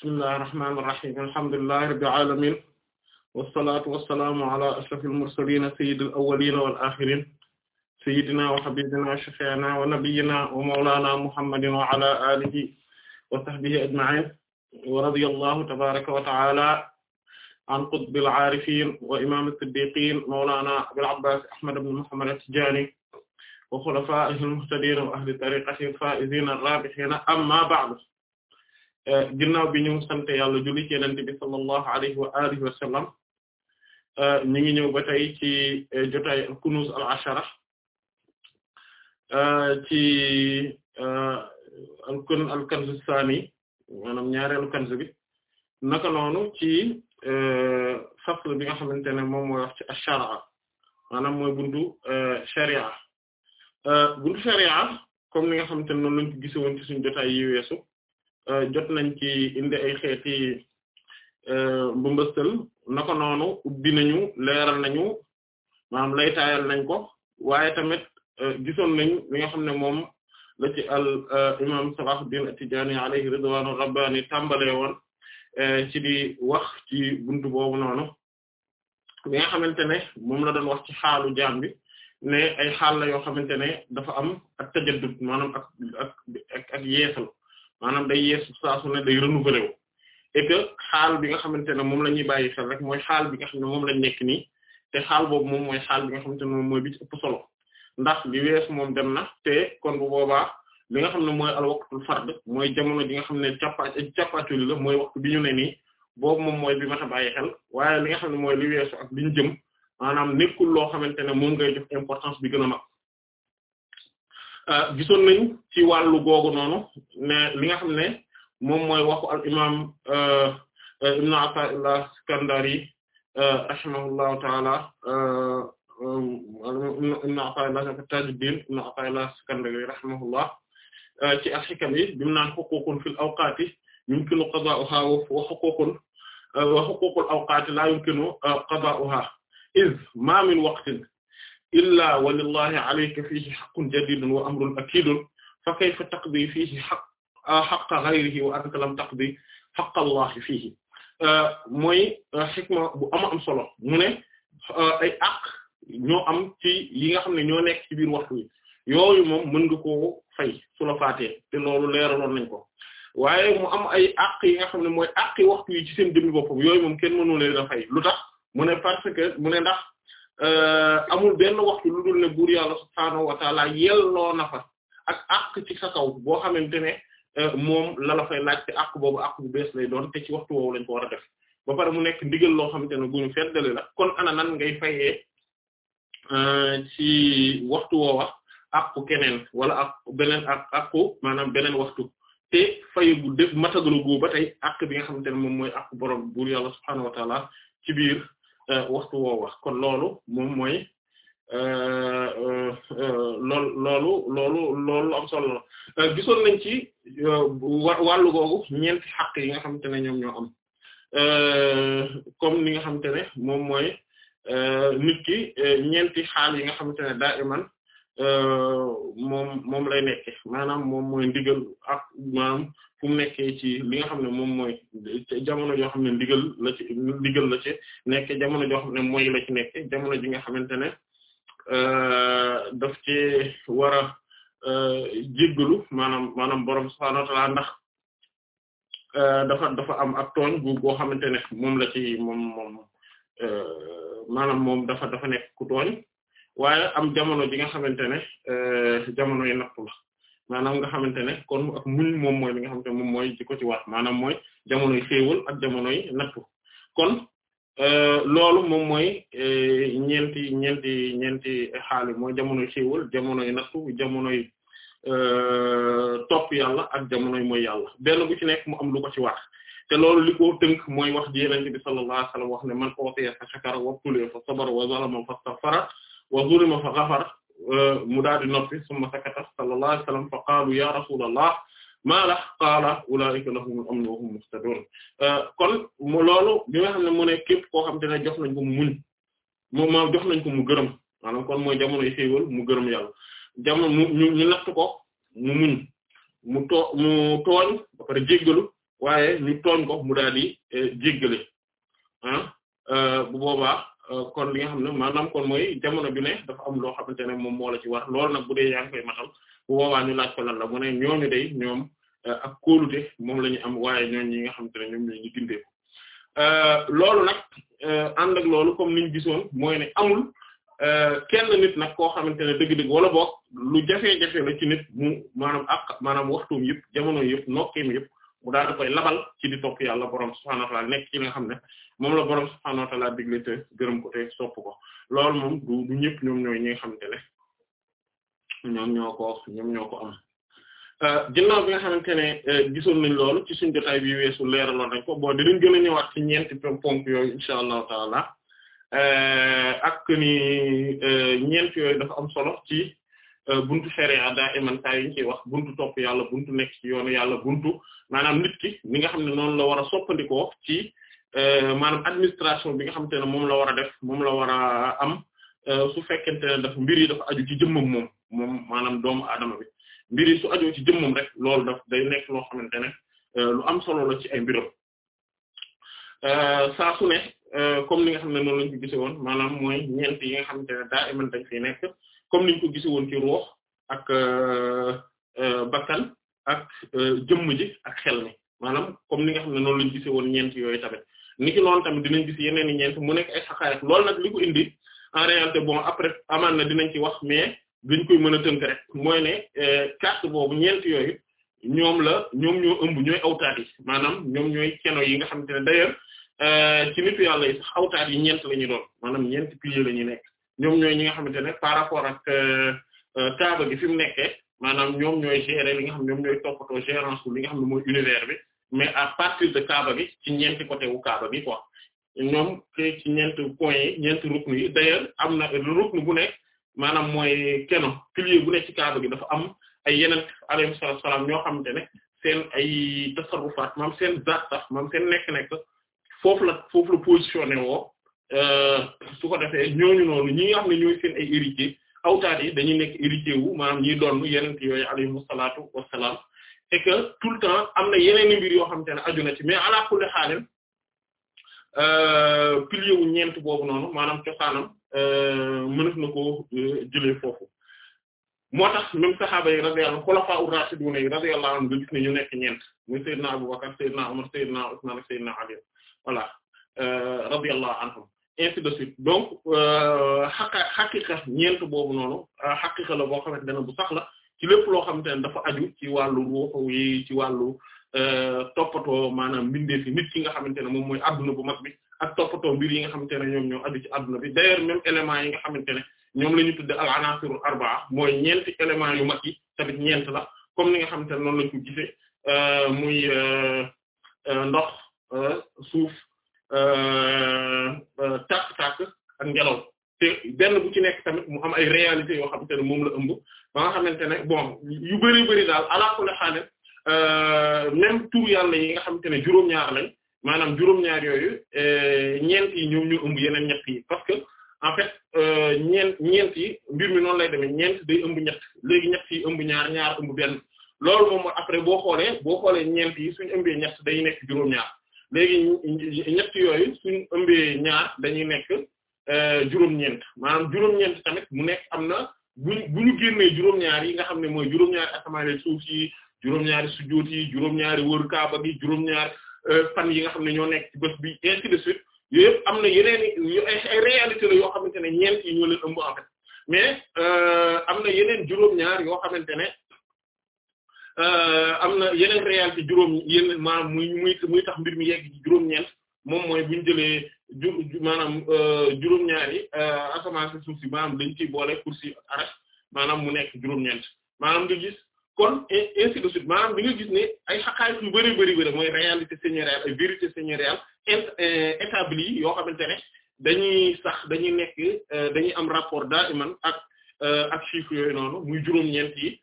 bismillahir rahmanir rahim alhamdulillahi rabbil alamin wassalatu wassalamu ala ashrafil mursalin sayyidil awwalin wal akhirin sayyidina wa habibina wa shafi'ina wa nabiyyina wa mawlana muhammadin wa ala alihi wa sahbihi ajma'in wa radiyallahu tabaraka wa ta'ala an qutbil aarifin wa imam as-siddiqin mawlana abul abbas ahmad ibn muhammad at-tijani wa khulafa'ihil muhtadin wa ahli tariqatihi al-fa'izin ar-rabihin amma ba'du Eh, ginaaw bi ñu sant yàlla julli ci yonent bi sallallahu alayhi wa alihi wa eh, ngi ñëw ba tey ci eh, jotaay al kunuz al ashara ci al kun al kanz ñaareelu kanz bi naka noonu ci fasl bi nga xamante ne moom mooy ci ashara maanaam mooy buntu sharia buntu sharia comme ni nga xamante ne noonu lañ ko gisewoon ci suñu jotaay yi Euh, jot nañ ci indi ay xeeti euh, bu mbëstal naka noonu ubbi nañu leeral nañu maanaam laytaayal nañ ko waaye tamit euh, gisoon nañ li nga xam ne moom la ci al imam Salahuddin At-Tidjânî alayhi ridwanu rabbani tàmbalee woon ci di wax ci buntu boobu noonu li nga xamante ne moom la doon wax ci xaalu jaam bi ne ay xaal la yoo xamante ne dafa am ak tajaddud maanaam ak ak ak maanaam day yeesu saa su ne day renouvelé wu et que xaal bi nga xamante ne moom la ñuy bàyyi xel rek mooy xaal bi nga xam ne moom lañ nekk nii te xaal boobu moom mooy xaal bi nga xamante ne moom mooy bi ndax li weesu moom dem na te kon bu boobaa li nga xam ne mooy al waqtul fard mooy jamono ji nga xam ne càppa càppaaculi la mooy waxtu bi ñu ne nii boobu moom mooy bi ma bàyyi xel waaye li nga xam ne mooy li weesu ak bi ñu jëm maanaam nekkul loo xamante ne moom ngay jox importance bi gën a mag Euh, gisoon nañu ci wàllu googu noonu mais li nga xam ne moom mooy waxu al imaam euh, Ibn Ata'illah Iskandari euh, rahimahullahu ta'ala Ibn Ata'illah Tajuddin Ibn Ata'illah Iskandari rahimahullah ci al-Hikam yi bi mu fil awqaati yumkinu qadaa'uhaa wa huququn wa huququl awqaati laa yumkinu qadaa'uhaa iz illaa walillahi alayka fiihi haqqun jadiidun wa amrun akiidun fa kayfa taqdi fiihi ah, haqqa ghayrihi wa anta lam taqdi haqqa allahi fiihi euh, mooy euh, xikma bu am am solo mu ne euh, ay àq ñoo am ci yi nga xam ne ñoo nekk ci biir waxtu wi yooyu moom mën nga koo fay su te loolu leeraloon nañ ko waaye mu am ay àq yi nga xam ne mooy àqi waxtu yi ci seen jëmmi boppam yooyu moom kenn mënu leen a fay lu tax mu parce que mu ndax Euh, amul benn waxtu lu dul ne buur yàlla subhaanahu wa taala yelloo na ak ci sa kaw boo xamante ne euh, moom la fay laaj te àq boobu ak bu bees lay doon te ci waxtu woowu lañ ko war a def ba pare mu nekk ndigal loo xamante ne guñu feddali la kon ana ngay fayee euh, ci waxtu woowa àqu keneen wala ak beneen ak àqu maanaam beneen waxtu te fayagu def matagalagu ba tey àq bi nga xamante ne moom mooy àq boroom buur yàlla subhaanahu wa taala ci biir Euh, waxtu wax kon loolu moom mooy euh, euh, loolu loolu loolu loolu am solo gisoon nañ ci wàllu googu ñeenti xaq yi nga xamante ne ñoom ñoo am comme ni nga xamante ne moom mooy nit ki ñeenti xaal yi nga xamante ne daa iman Euh, moom moom lay nekke maanaam moom mooy ndigal ak maanaam fu mu nekkee ci li nga xam ne moom mooy jamono joo xam ne ndigal la ci ndigal la ci nekke jamono joo xam ne mooy la ci nekke jamono ji nga xamante ne euh, daf ci war a euh, jéggalu maanaam maanaam borom subhaanahu wa ta'aala ndax dafa dafa am ak tooñ bu boo xamante ne moom la ci moom moom maanaam moom dafa dafa nekk ku tooñ waaye am jamono ji nga xamante ne euh, jamono yi nattu la maanaam nga xamante ne kon ak muñ moom mooy li nga xamante ne moom mooy di ko ci war maanaam mooy jamonoy xéewal ak jamonoy nattu kon euh, loolu moom mooy euh, ñeenti ñeenti ñeenti xaali mooy jamonoy xéewal jamonoy nattu jamonoy topp yàlla ak jamonoy mooy yàlla benn bu ci mu am lu ko ci war te loolu li ko tënk mooy wax ji Yonent bi sallallahu alayhi wasallam wax ne man utiya fa shakara wa ibtuliya fa wa zalama fastaghfara wa zulima fa ghafara euh, mu daadi di noppi sakata sallallahu alayhi fa qaalu ya rasulallah maa la qaala ulaa'ika lahumul amnu wa hum muhtaduun euh, kon mu loolu bi nga xam ne mu ne képp koo xam te ne jox nañ ko mu muñ moom maam jox nañ ko mu gërëm maanaam kon mooy jamono yi xéewal mu gërëm yàlla jamono mu ñu ñu ko mu muñ mu too mu tooñ ba pare jéggalu waaye ñu tooñ ko mu daal di euh, jéggale ah Euh, kon li nga xam ne maanaam kon mooy jamono ju ne dafa am loo xamante ne moom moo la ci war loolu nag bu dee yaa ngi koy matal bu boobaa ñu laaj ko lan la mu ne ñooñu day ñoom euh, ak kóolute moom la ñu am waaye ñooñu ñi nga xamante ne ñoom ñoo ñu gindee ko euh, loolu nag ànd ak loolu comme niñ gisoon mooy ne amul kenn nit nag koo xamante ne dëgg-dëgg wala boog lu jafe-jafe la ci nit mu maanaam ak maanaam waxtuum yëpp jamono yëpp nokkeem yëpp mu daal di koy labal ci di topp yàlla borom subhaanahu wa ta'aala nekk ci li nga xam ne moom la borom subhaanahu wa ta'aala digle te gërëm ko te sopp ko lool moom du du ñëpp ñoom ñooy ñi nga xamante ne ñoom ñoo ko ñoom ñoo ko am. Euh, ginnaaw bi nga xamante ne euh, gisoon nañ loolu ci suñ jotaay bi weesu leeraloon nañ ko bon dinañ gën a ñëwaat ci ñeenti ponk yooyu incha allahu taala euh, ak ni ñent yooyu dafa am solo ci Euh, buntu sharia daa iman saa yuñ ciy wax buntu topp yàlla buntu nekk ci yoonu yàlla buntu maanaam nit ki mi nga xam ne noonu la war a soppandikoo ci euh, maanaam administration bi nga xam te ne moom la war a def moom la war a am euh, su mbir yi dafa aju ci jëmmam moom moom maanaam doomu aadama bi mbir yi su day nekk loo xamante ne lu am solo la ci ay mbiram saa su ne comme nga xam ne noonu lañ ko woon maanaam mooy ñeent yi nga xam ne daa iman fi nekk comme niñ ko gise woon ci ruux ak euh, euh, bakkan ak euh, jëmm ji ak xel ni maanaam comme ni nga xam ne noonu lañ gise woon ñeent yooyu tamit ni ki noonu tamit dinañ gis yeneen i ñeent mu nekk ay xaqaayiq loolu nag li ko indi en réalité bon après amaan na dinañ ci wax mais liñ koy mën a tënk rek mooy ne carte boobu ñeent yooyu ñoom la ñoom ñoo ëmb ñooy awtaat yi maanaam ñoom ñooy keno yi nga xam ne d'ailleurs ci nitu yàlla yi sax awtaat yi ñeent la ñu doon maanaam ñeent piliers la ñu nekk ñoom ñooy ñi nga xamante ne par rapport ak kaaba euh, euh, gi fi mu nekkee maanaam ñoom ñooy gérer li nga xam ñoom ñooy toppatoo gérance li nga xam ne mooy univers bi mais à partir de kaaba gi ñeenti côté wu kaaba gi quoi ñoom ñeenti points ñeenti ruknu yi d'ailleurs am na ruknu bu nekk maanaam mooy keno pilier bu nekk ci kaaba gi dafa am ay yeneen alayhi salaatu wa salaam ñoo xamante ne seen ay tasarrufaat maam seen zaat sax maam seen nekk-nekk foofu la foofu la positionné woo Euh, su ko defee ñooñu noonu ñi nga xam ne ñooy seen ay héritier awtaat yi dañuy nekk héritier wu maanaam ñiy doon yenent yooyu alayhimu wassalaam et que tout le temps am na yeneen i mbir yoo xamante ne aju na ci mais ala kulli xaalim euh, pilier wu ñeent boobu noonu maanaam euh, na ko jëlee foofu moo tax même saxaaba yi radiyallahu xulafaa ur raashidun yi radiyallahu anhu nga gis ne ainsi de suite donc euh, xaqiqa ñeent boobu noonu euh, xaqiqa la boo xamante ne bu sax la ci lépp loo xamante ne dafa aju ci wàllu ruux yi ci wàllu euh, toppatoo maanaam mbindeef yi nit ki nga xamante ne moom mooy adduna bu mag bi a toppatoo mbir yi nga xamante ne ñoom ñoo aju ci adduna bi d'ailleurs même élément yi nga xamante ne ñoom la ñu tudde al anasirul arbaa mooy ñeenti élément yu mag yi tamit ñeent la comme ni nga xamante ne noonu lañ ko gisee muy ndox suuf tàkk-tàkk euh, euh, ak ngelaw te benn bu ci nekk tamit mu am ay réalité yoo xamante ne moom la ëmb ba nga xamante ne bon yu bari bari daal ala kulli xaal euh, même tur yàlla yi nga xamante ne juróom-ñaar lañ maanaam juróom-ñaar yooyu ñeent yi ñoom ñoo ëmb yeneen ñett yi parce que en fait ñeent ñeent yi mbir mi noonu lay demee ñeent day ëmb ñett léegi ñett yi ëmb ñaar ñaar ëmb benn loolu moom après boo xoolee boo xoolee ñeent yi suñu ëmbee ñett day nekk juróom-ñaar léegi yi yooyu suñu ëmbee ñaar dañuy nekk euh, juróom-ñeent maanaam juróom-ñeent tamit mu nekk am na buñ bu ñu génnee juróom-ñaar yi nga xam ne mooy juróom-ñaari asamaan suuf yi juróom-ñaari sujjóot yi juróom-ñaari wër kaaba gi juróom-ñaar euh, fan yi nga xam ne ñoo nekk ci bés bi ainsi de suite yooyu yëpp am na yeneen réalité la yoo xamante ne ñeent yi ñoo leen ëmb en fait mais euh, am na yeneen juróom-ñaar yoo xamante Euh, am na yeneen réalité juróom yenn maanaam muy muy tax mbir mi yegg ci juróom-ñeent moom mooy bu ñu jëlee ju maanaam euh, juróom-ñaar yi asamaan euh, si suuf si maanaam dañ ciy boole kursi arash maanaam mu nekk juróom-ñeent maanaam nga gis kon ainsi de suite maanaam di nga gis ne ay xaqaay yu bëri bëri bëri mooy réalité seigneuriale ay vérité seigneuriale établie yoo xamante ne dañuy sax dañuy nekk dañuy am rapport daal iman ak ak chiffres yooyu noonu muy juróom-ñeent yi.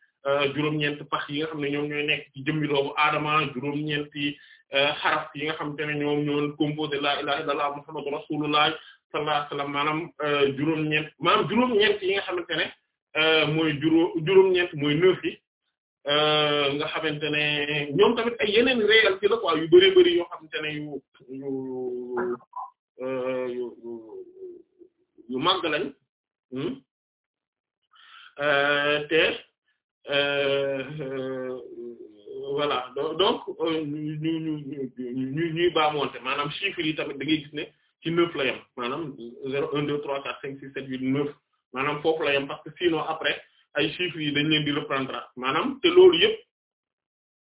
juróom-ñeent pax yi nga xam ne ñoom ñooy nekk ci jëmmi doomu juróom-ñeenti xaraf yi nga xam te ne ñoom ñoo composé la ilaha illallah muhammadu maanaam juróom-ñeent maanaam juróom-ñeent yi nga xamante ne mooy juróom ñeent mooy neuf yi nga xamante ne ñoom tamit ay yeneen réel ci la yu bari bari yoo xamante ne yu yu yu yu màgg lañ te Euh, euh, voilà donc euh, ñu ñu ñu ñuy baamonte maanaam chiffres yi tamit da ngay gis ne ci neuf la yem maanaam zéro un deux trois quatre cinq six sept huit neuf maanaam foofu la yem parce que sinon après ay chiffres yi dañ leen di reprendre maanaam te loolu yëpp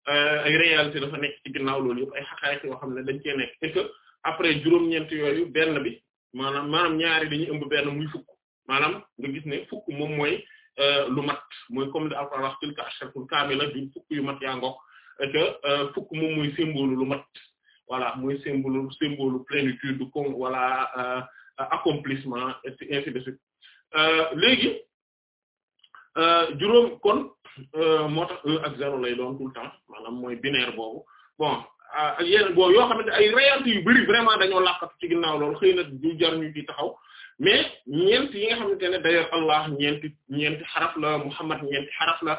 ay réalité dafa nekk ci ginnaaw loolu yëpp ay xaqaay yoo xam ne dañ cee nekk et que après juróom-ñeent yooyu benn bi maanaam maanaam ñaari dañuy ëmb benn muy fukk maanaam nga gis ne fukk moom mooy Euh, lu mat mooy comme li Alxuraan wax tilka ashatul kaamila bi fukk yu mat yaa ngok que euh, fukk moom mooy symbole lu mat voilà mooy symbole symbole plénitude comme voilà euh, accomplissement et ainsi de suite léegi juróom kon moo tax un ak zéro lay doon tout le temps maanaam mooy binaire boobu bon a yeneen boo yo xam ay réalité yu bari vraiment dañoo làqatu ci ginnaaw loolu xëy na du taxaw mais ñeent yi nga xamante ne d'ailleurs Allah ñeenti ñeenti xaraf la Muhammad ñeenti xaraf la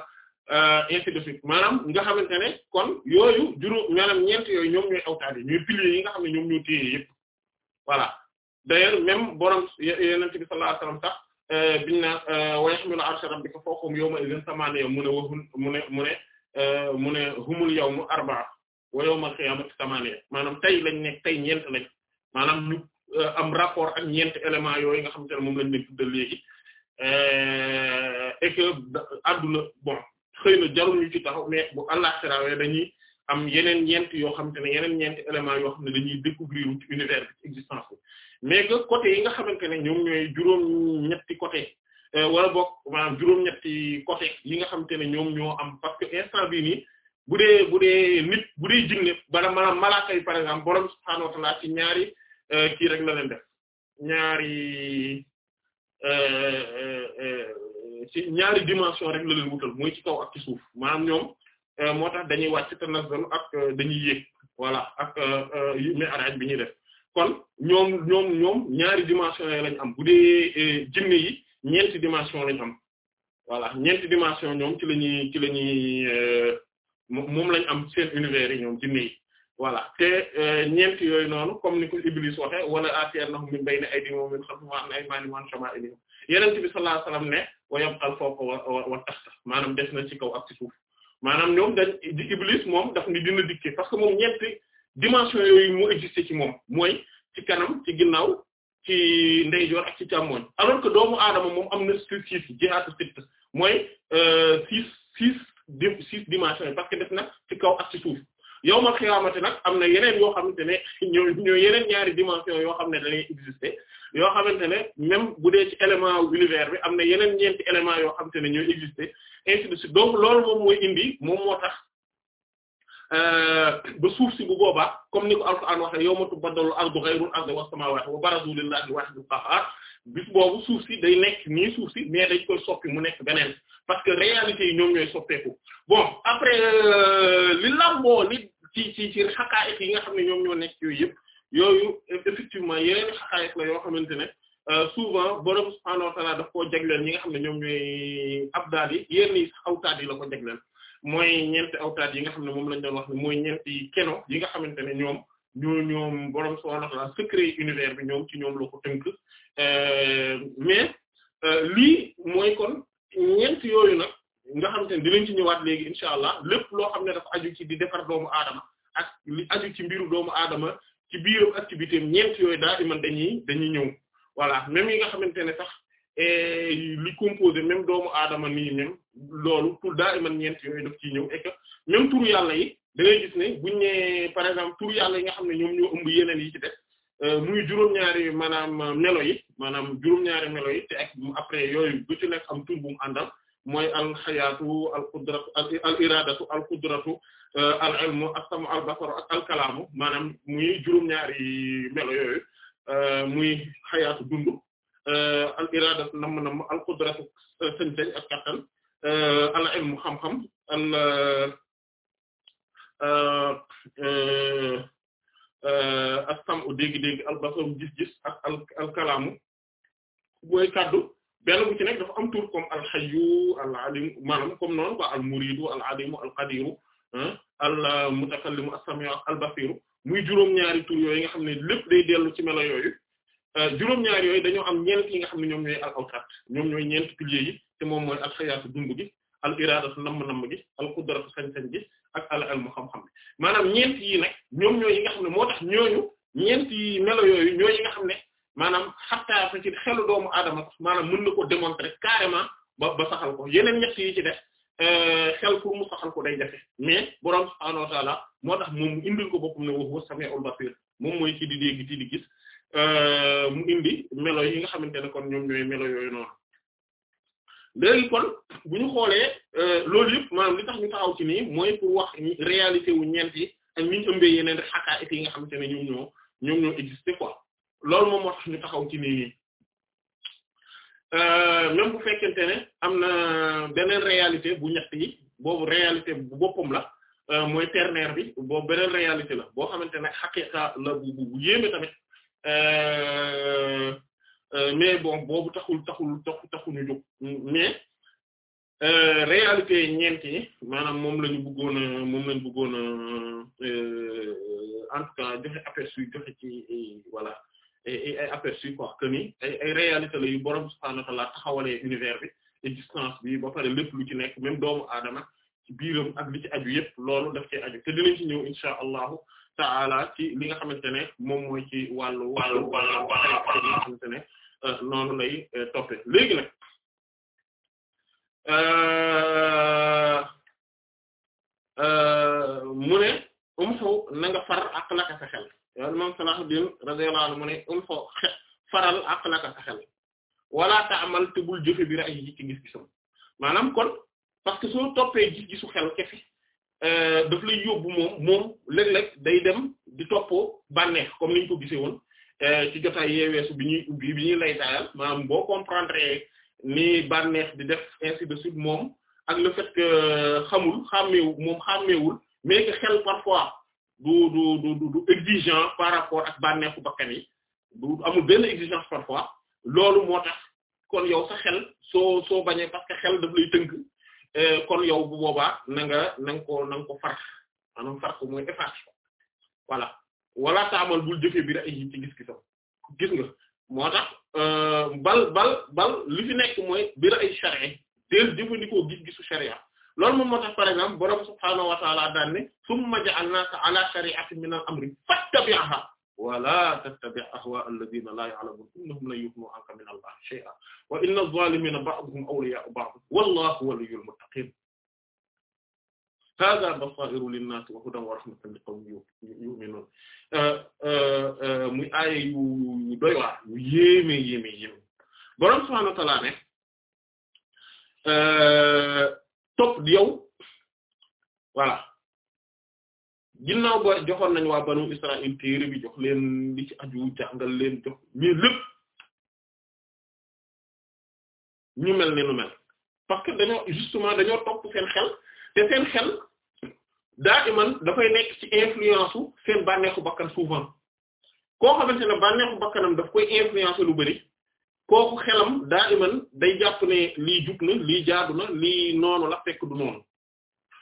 euh, ainsi de suite maanaam nga xamante ne kon yooyu juróom maanaam ñeent yooyu ñoom ñooy awtaal xam ne ñoom ñoo téye yëpp voilà d'ailleurs même borom yonent bi sallallahu alayhi wasallam sax euh, biñ na euh, wa yahmilu arsha rabbika fawqahum yawma idhin samaniya mu ne mu ne mu ne mu ne humul yawmu arba'a wa yawmal qiyamati samaniya maanaam tey lañ nekk tey ñeent lañ maanaam Euh, am rapport ak ñeenti éléments yooyu nga xamante ne moom lañ leen tuddee léegi euh, et que adduna bon xëy na jarul ñu ci taxaw mais bu àllaxirawee dañuy am yeneen ñeent yoo xamante ne yeneen ñeenti éléments yoo xam ne dañuy découvrir ci univers bi ci existence bi mais que côté yi nga xamante ne ñoom ño juróom-ñetti côté euh, wala boog maanaam juróom côté yi nga xamante ne ñoom ñoo am parce que instant bii nii. bu dee bu dee nit bu dee jinne bala maanaam malaaka yi par exemple borom subhaanahu wa ci ñaari Euh, kii rek la leen def ñaari euh, euh, ci ñaari dimension rek la leen wutal mooy ci kaw ak ci suuf maanaam ñoom moo tax dañuy wàcc tanazzalu ak dañuy yéeg voilà ak mi'raj bi ñuy def kon ñoom ñoom ñaari dimension lañ am bu dee yi ñeenti dimension lañ am voilà ñeenti dimension ñoom ci lañuy ci lañuy moom lañ am seen univers yi ñoom jinne yi voilà te euh, ñeent yooyu noonu comme ni ko Iblis waxe wala atiyannahum min bayni aydihim wa min khalfihim wa an aymanihim wa an shama'ilihim yonent bi wa wa tahta maanaam des na ci kaw ak ci suuf maanaam ñoom dañ di Iblis moom daf ni dina dikkee parce que moom ñeenti dimension yooyu moo existe ci moom mooy ci kanam ci ginnaaw ci ndeyjoor ak ci càmmoñ alors que doomu aadama moom am na structure jihaatu sitt mooy euh, six six six dimensions yi parce que def na ci kaw ak ci suuf yow yawmal xiyaamati nag am na yeneen yoo xamante ne ñoo yeneen ñaari dimension yoo xam ne dañuy exister yoo xamante ne même bu dee ci élément univers bi am na yeneen ñeenti élément yoo xamante ne ñooy exister ainsi de suite loolu moom mooy indi moom moo tax euh, ba suuf si bu boobaa comme ni ko Alxuraan waxe yawma tubaddalu al-ardu ghayrul ardi was samaawaatu wa barazu lillahi al-waahidil qahhaar bis boobu suuf si day nekk nii suuf si mais dañ koy soppi mu nekk beneen parce que réalité yi ñoom ñooy soppeeku bon après euh, li ci ci ci xaqaayiq yi nga xam ne ñoom ñoo nekk yooyu yëpp yooyu effectivement yeneen xaqaayiq la yoo xamante ne euh, souvent borom subhaanahu wa daf koo jagleel ñi nga xam ne ñoom ñooy abdaal yi yenn yi sax awtaad yi la ko jagleel mooy ñeenti awtaad yi nga xam ne moom lañ doon wax mooy ñeenti yi nga xamante ne ñoom ñoo ñoom borom subhaanahu wa ta'aala secret univers bi ñoom ci ñoom la ko tënk euh, mais euh, lii mooy kon ñeent yooyu nga xamante ne dinañ ci ñëwaat léegi incha allah lépp loo xam ne dafa aju ci di defar doomu aadama ak li aju ci mbiru doomu aadama ci biiram activité am ñeent yooyu daa iman dañuy dañuy ñëw voilà même yi nga xamante ne sax eh, li composé même doomu aadama nii même loolu pour daa iman ñeent yooyu daf ciy ñëw et que même turu yàlla yi da ngay gis ne buñ ne par exemple turu yàlla yi nga xam ne ñoom ñoo ëmb yeneen yi ci def euh, muy juróom-ñaari maanaam euh, melo yi maanaam juróom-ñaari melo yi te ak après yooyu bu ci nekk am tur bu mu àndal mooy alxayaatu alqudratu al iradatu alqudratu euh, al ilmu as-samu al basaru ak alkalaamu maanaam muy juróom-ñaari melo yooyu euh, muy xayaatu dund euh, al iradatu nam nam alqudratu sañ-sañ ak kattan al ilmu xam-xam al as-samu dégg-dégg al basaru gis-gis ak al alkalaamu booy kaddu. benn bu ci nekk dafa am tur comme alxayu alalim maanaam comme noonu quoi almuridu alalimu al almutakallimu assamiu albasiru muy juróom-ñaari tur yooyu nga xam ne lépp day dellu ci melo yooyu euh, juróom-ñaari yooyu dañoo am ñeent yi nga xam ne ñoom ñooy al awqat ñoom ñooy ñeent piliers yi te moom mooy alxayaatu dund gi al iraadatu namm-namm gi al qudratu sañ-sañ gi ak al ilmu xam-xam bi yi nga xam ne moo tax ñooñu ñeent yi melo yooyu ñooy nga xam ne maanaam xattaa fa ci xelu doomu aadama maanaam mën na ko démontrer carrément ba ba saxal ko yeneen ñett yi ci def euh, xel pour mu saxal ko day jafe mais borom subhaanahu wa moo tax moom mu indil ko boppam ne wa huwa sami'ul basir moom mooy ci di dégg ci di gis euh, mu indi melo yi nga xamante ne kon ñoom ñooy melo yooyu noonu léegi bu ñu xoolee euh, loolu yëpp maanaam li tax ñu taxaw mooy pour wax réalité wu ñeent yi ak ni ñu ëmbee yeneen xakaa it yi nga ñoom ñoom ñoo existé loolu moom moo tax ñu taxaw ci nii nii euh, même bu fekkente ne am na beneen réalité bu ñett yi boobu réalité bu boppam la euh, mooy ternaire bi boobu beneen réalité la boo xamante ne xaqiqa la bu bu yéeme tamit euh, mais boobu taxul taxu taxu ñu jóg mais réalité ñeent yi maanaam moom la ñu bëggoon a moom la ñu bëggoon a en tout joxe aperçu joxe ci voilà et ay aperçu que ay réalité la yu borom subhaanahu wa ta'aala taxawalee univers existence bi ba pare lépp lu ci nekk même doomu aadama ci biiram ak li ci aju yëpp loolu daf ci aju te dinañ ci ñëw insha allahu ta'ala ci li nga xamante ne moom mooy ci wàllu wàllu wàllu wàllu li nga xamante lay toppee léegi nag mu ne um xaw na far ak naka sa xel imam Salahuddin radiyallahu anhu mu ne um fo xe faral aqlaka sa xel wala ta'mal te bul jëfe bi ra'yi gis-gisam maanaam kon parce que soo toppee gis-gisu xel kefi euh, daf lay yóbbu moom moom léeg day dem di toppoo bànneex comme niñ ko gisee woon euh, ci jotaay yeeweesu bi ñuy ubbi bi ñuy lay taayal maanaam boo comprendre ni bànneex di def ainsi de suite moom ak le que euh, xamul xàmmeewu moom xàmmeewul mais que xel parfois du du du du exigeant par rapport ak bànneexu bakkan yi du amul benn exigence parfois loolu moo tax kon yow sa xel soo soo bañee parce que xel daf lay tënk euh, kon yow bu boobaa na nga na nga ko na nga ko farax maanaam farax mooy effacé ko wala taamal bul jëfee bi rek gis gis nga moo tax euh, bal bal bal fi nekk mooy bi ay charia déel jëfandikoo gisu charia loolu moom moo tax par exemple borom subhaanahu wa ta'ala daan ne summa ja'alnaaka ala shari'atin min al-amri fattabi'ha wa laa tattabi' ahwaa'a alladhiina laa ya'lamuun innahum lan yughnu 'anka min Allahi shay'an wa inna adh-dhaalimiina ba'duhum awliyaa'u ba'd wallaahu waliyyul muttaqiin haadhaa basaa'iru lin-naasi wa hudan wa rahmatan liqawmin yu'minuun muy aaya yu doy waar yu yéeme yéeme yéeme borom subhaanahu wa ta'aala ne topp di yow voilà ginnaaw ba joxoon nañ waa banu Israël téere bi jox leen li ci aju jàngal leen jox mais lépp ñu mel ni nu mel parce que dañoo justement dañoo topp seen xel te seen xel daa iman dafay nekk ci influence u seen bànneexu bakkan souvent koo xamante ne bànneexu bakkanam daf koy influencer lu bari kooku xelam daa iman day jàpp ne lii jub na lii jaadu na lii noonu la fekk du noonu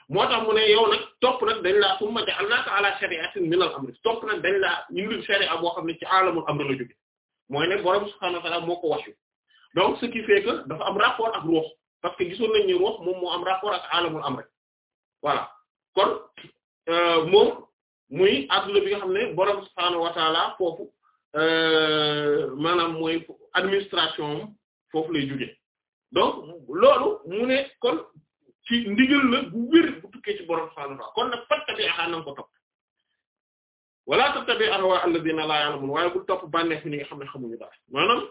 moo tax mu ne yow na topp nag dañ laa summa ja'alnaaka ala shari'atin min al-amri topp nag dañ laa indil shari'a boo xam ne ci alamul moo ko wax donc ce qui fait que am rapport ak euh, moom muy àdduna bi nga xam ne borom subhaanahu wa foofu Euh, maanaam mooy administration foofu lay jóge donc loolu mu ne kon ci ndigal la bu wér bu tukkee ci borom subhaanahu wa ta'aala kon nag fattabi'haa na nga ko topp wala tattabi' ahwaa alladhiina laa ya'lamuun waaye bul topp bànneex ñi xam ne xamuñu dara maanaam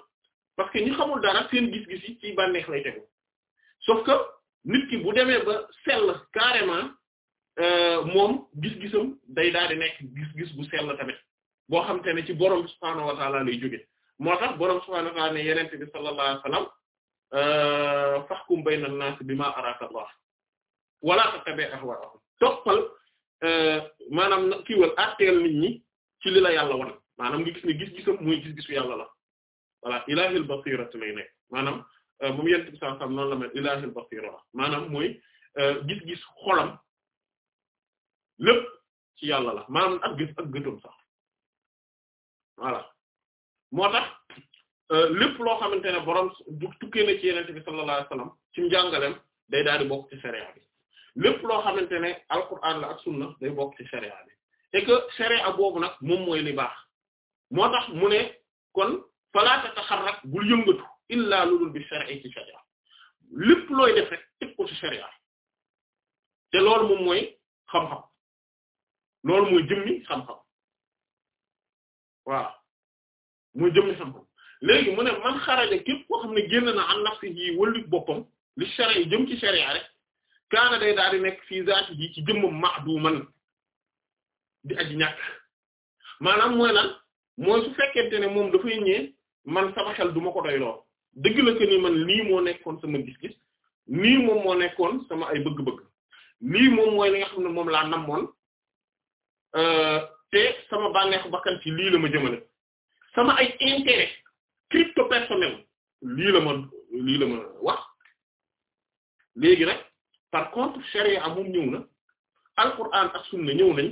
parce que ñi xamul dara seen gis-gis yi ci bànneex lay tegu sauf que nit ki bu demee ba sell carrément euh, moom gis-gisam day daal nekk gis-gis bu sell tamit. boo xam te ne ci borom bi subhaanahu wa ta'ala lay jóge moo tax borom subhaanahu wa ne yeneen bi sallallahu alayhi wa sallam euh, fahkum bayna an euh, nit ñi ci li la yàlla wan maanaam nga gis ne gis-gisam muy gis-gisu yàlla la voilà ilahil basirati lay nekk maanaam euh, moom yent maanaam mooy gis-gis xolam lépp ci yàlla la maanaam ak ak gëtam sax voilà moo tax euh, lépp loo xamante ne borom du tukkee na ci yenente bi sallallahu alayhi ci njàngaleem day daal di bokk bi lépp loo xamante ne alquran la ak sunna day bokk ci bi et que boobu nag moom mooy li baax moo tax mu ne kon fala tataxarrak bul yëngatu illaa ludul bi sharia ci sharia lépp looy def rek teg ko ci te loolu moom mooy xam-xam loolu mooy jëmmi xam-xam waaw moo jëmmi xam-xam léegi mu ne man xaraja képp koo xam ne génn na an nafsi yi wëllu boppam li sharia yi jëm ci sharia rek daal di nekk fii zaati ji ci jëmmam ma'duman di aji ñàkk maanaam mooy lan mooy su fekkente ne moom dafay ñëw man sama xel du ma ko doy lool dëgg la que ni man lii moo nekkoon sama gis-gis lii moom moo nekkoon sama ay bëgg-bëgg lii moom mooy li xam ne moom laa namoon euh, te sama bànneexu bakkan ci lii la ma jëmale sama ay intérêt crypto lii la ma lii la ma wax léegi nag par contre charia moom ñëw na alquran ak sunna ñëw nañ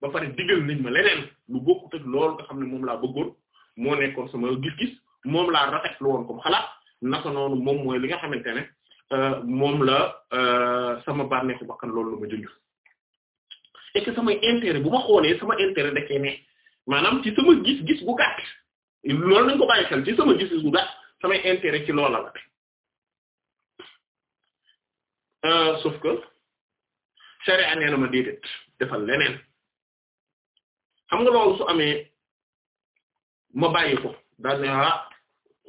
ba pare digal nañ ma leneen lu bokkut ak nga xam ne moom laa bëggoon moo nekkoon sama gis-gis moom laa rafetlu woon comme xalaat naka moom mooy li nga xamante ne euh, moom la euh, sama bànneexu bakkan loolu la ma jënju et que samay intérêt bu ma xoolee sama intérêt da maanaam ci sama gis-gis bu gàtt loolu nañ ko bàyyi xel ci sama gis-gis gàtt samay intérêt ci loola la Euh, sauf que sharia na ma déedéet defal leneen xam nga loolu su amee ma bàyyi ko daal ne ah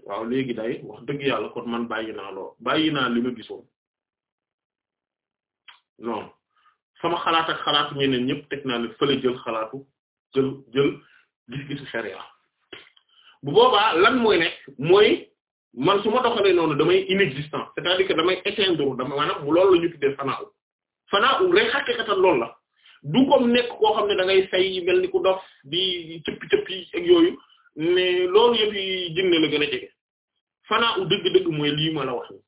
waaw léegi day wax dëgg yàlla kon man bàyyi naa lool bàyyi naa li ma gisoon non sama xalaat ak xalaatu ñeneen ñëpp teg naa leen fële jël xalaatu jël jël gis-gisu sharia bu boobaa lan mooy nekk mooy man su ma doxalee noonu damay inexistant c'est-à-dire que damay éteindre dama maanaam mu loolu la ñu tuddee fanaaw fanaaw rek xaqiqatan loolu mel ni ku dof di yooyu mais loolu yëpp la gën a jege fanaaw dëgg mooy lii ma la wax ni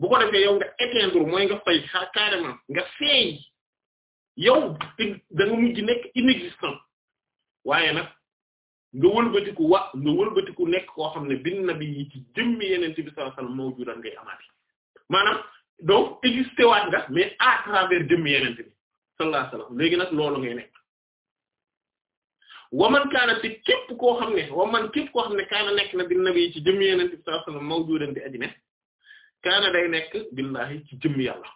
bu ko defee yow nga éteindre mooy nga fay xa carrément nga feey yow da nga nekk inexistant waaye nag nga wëlbatiku wa nga wëlbatiku nekk koo xam ne bin nabi yi ci jëmmi yenente bi sallallahu alayhi wasallam mawjudan ngay amaati maanaam donc léegi nag loolu ngay nekk waman kaana te képp koo xam ne waman képp koo xam ne kaana nekk na bin nabi yi ci jëmmi yenente bi sallallahu mawjudan di aji kaana nekk billaahi ci jëmm yàlla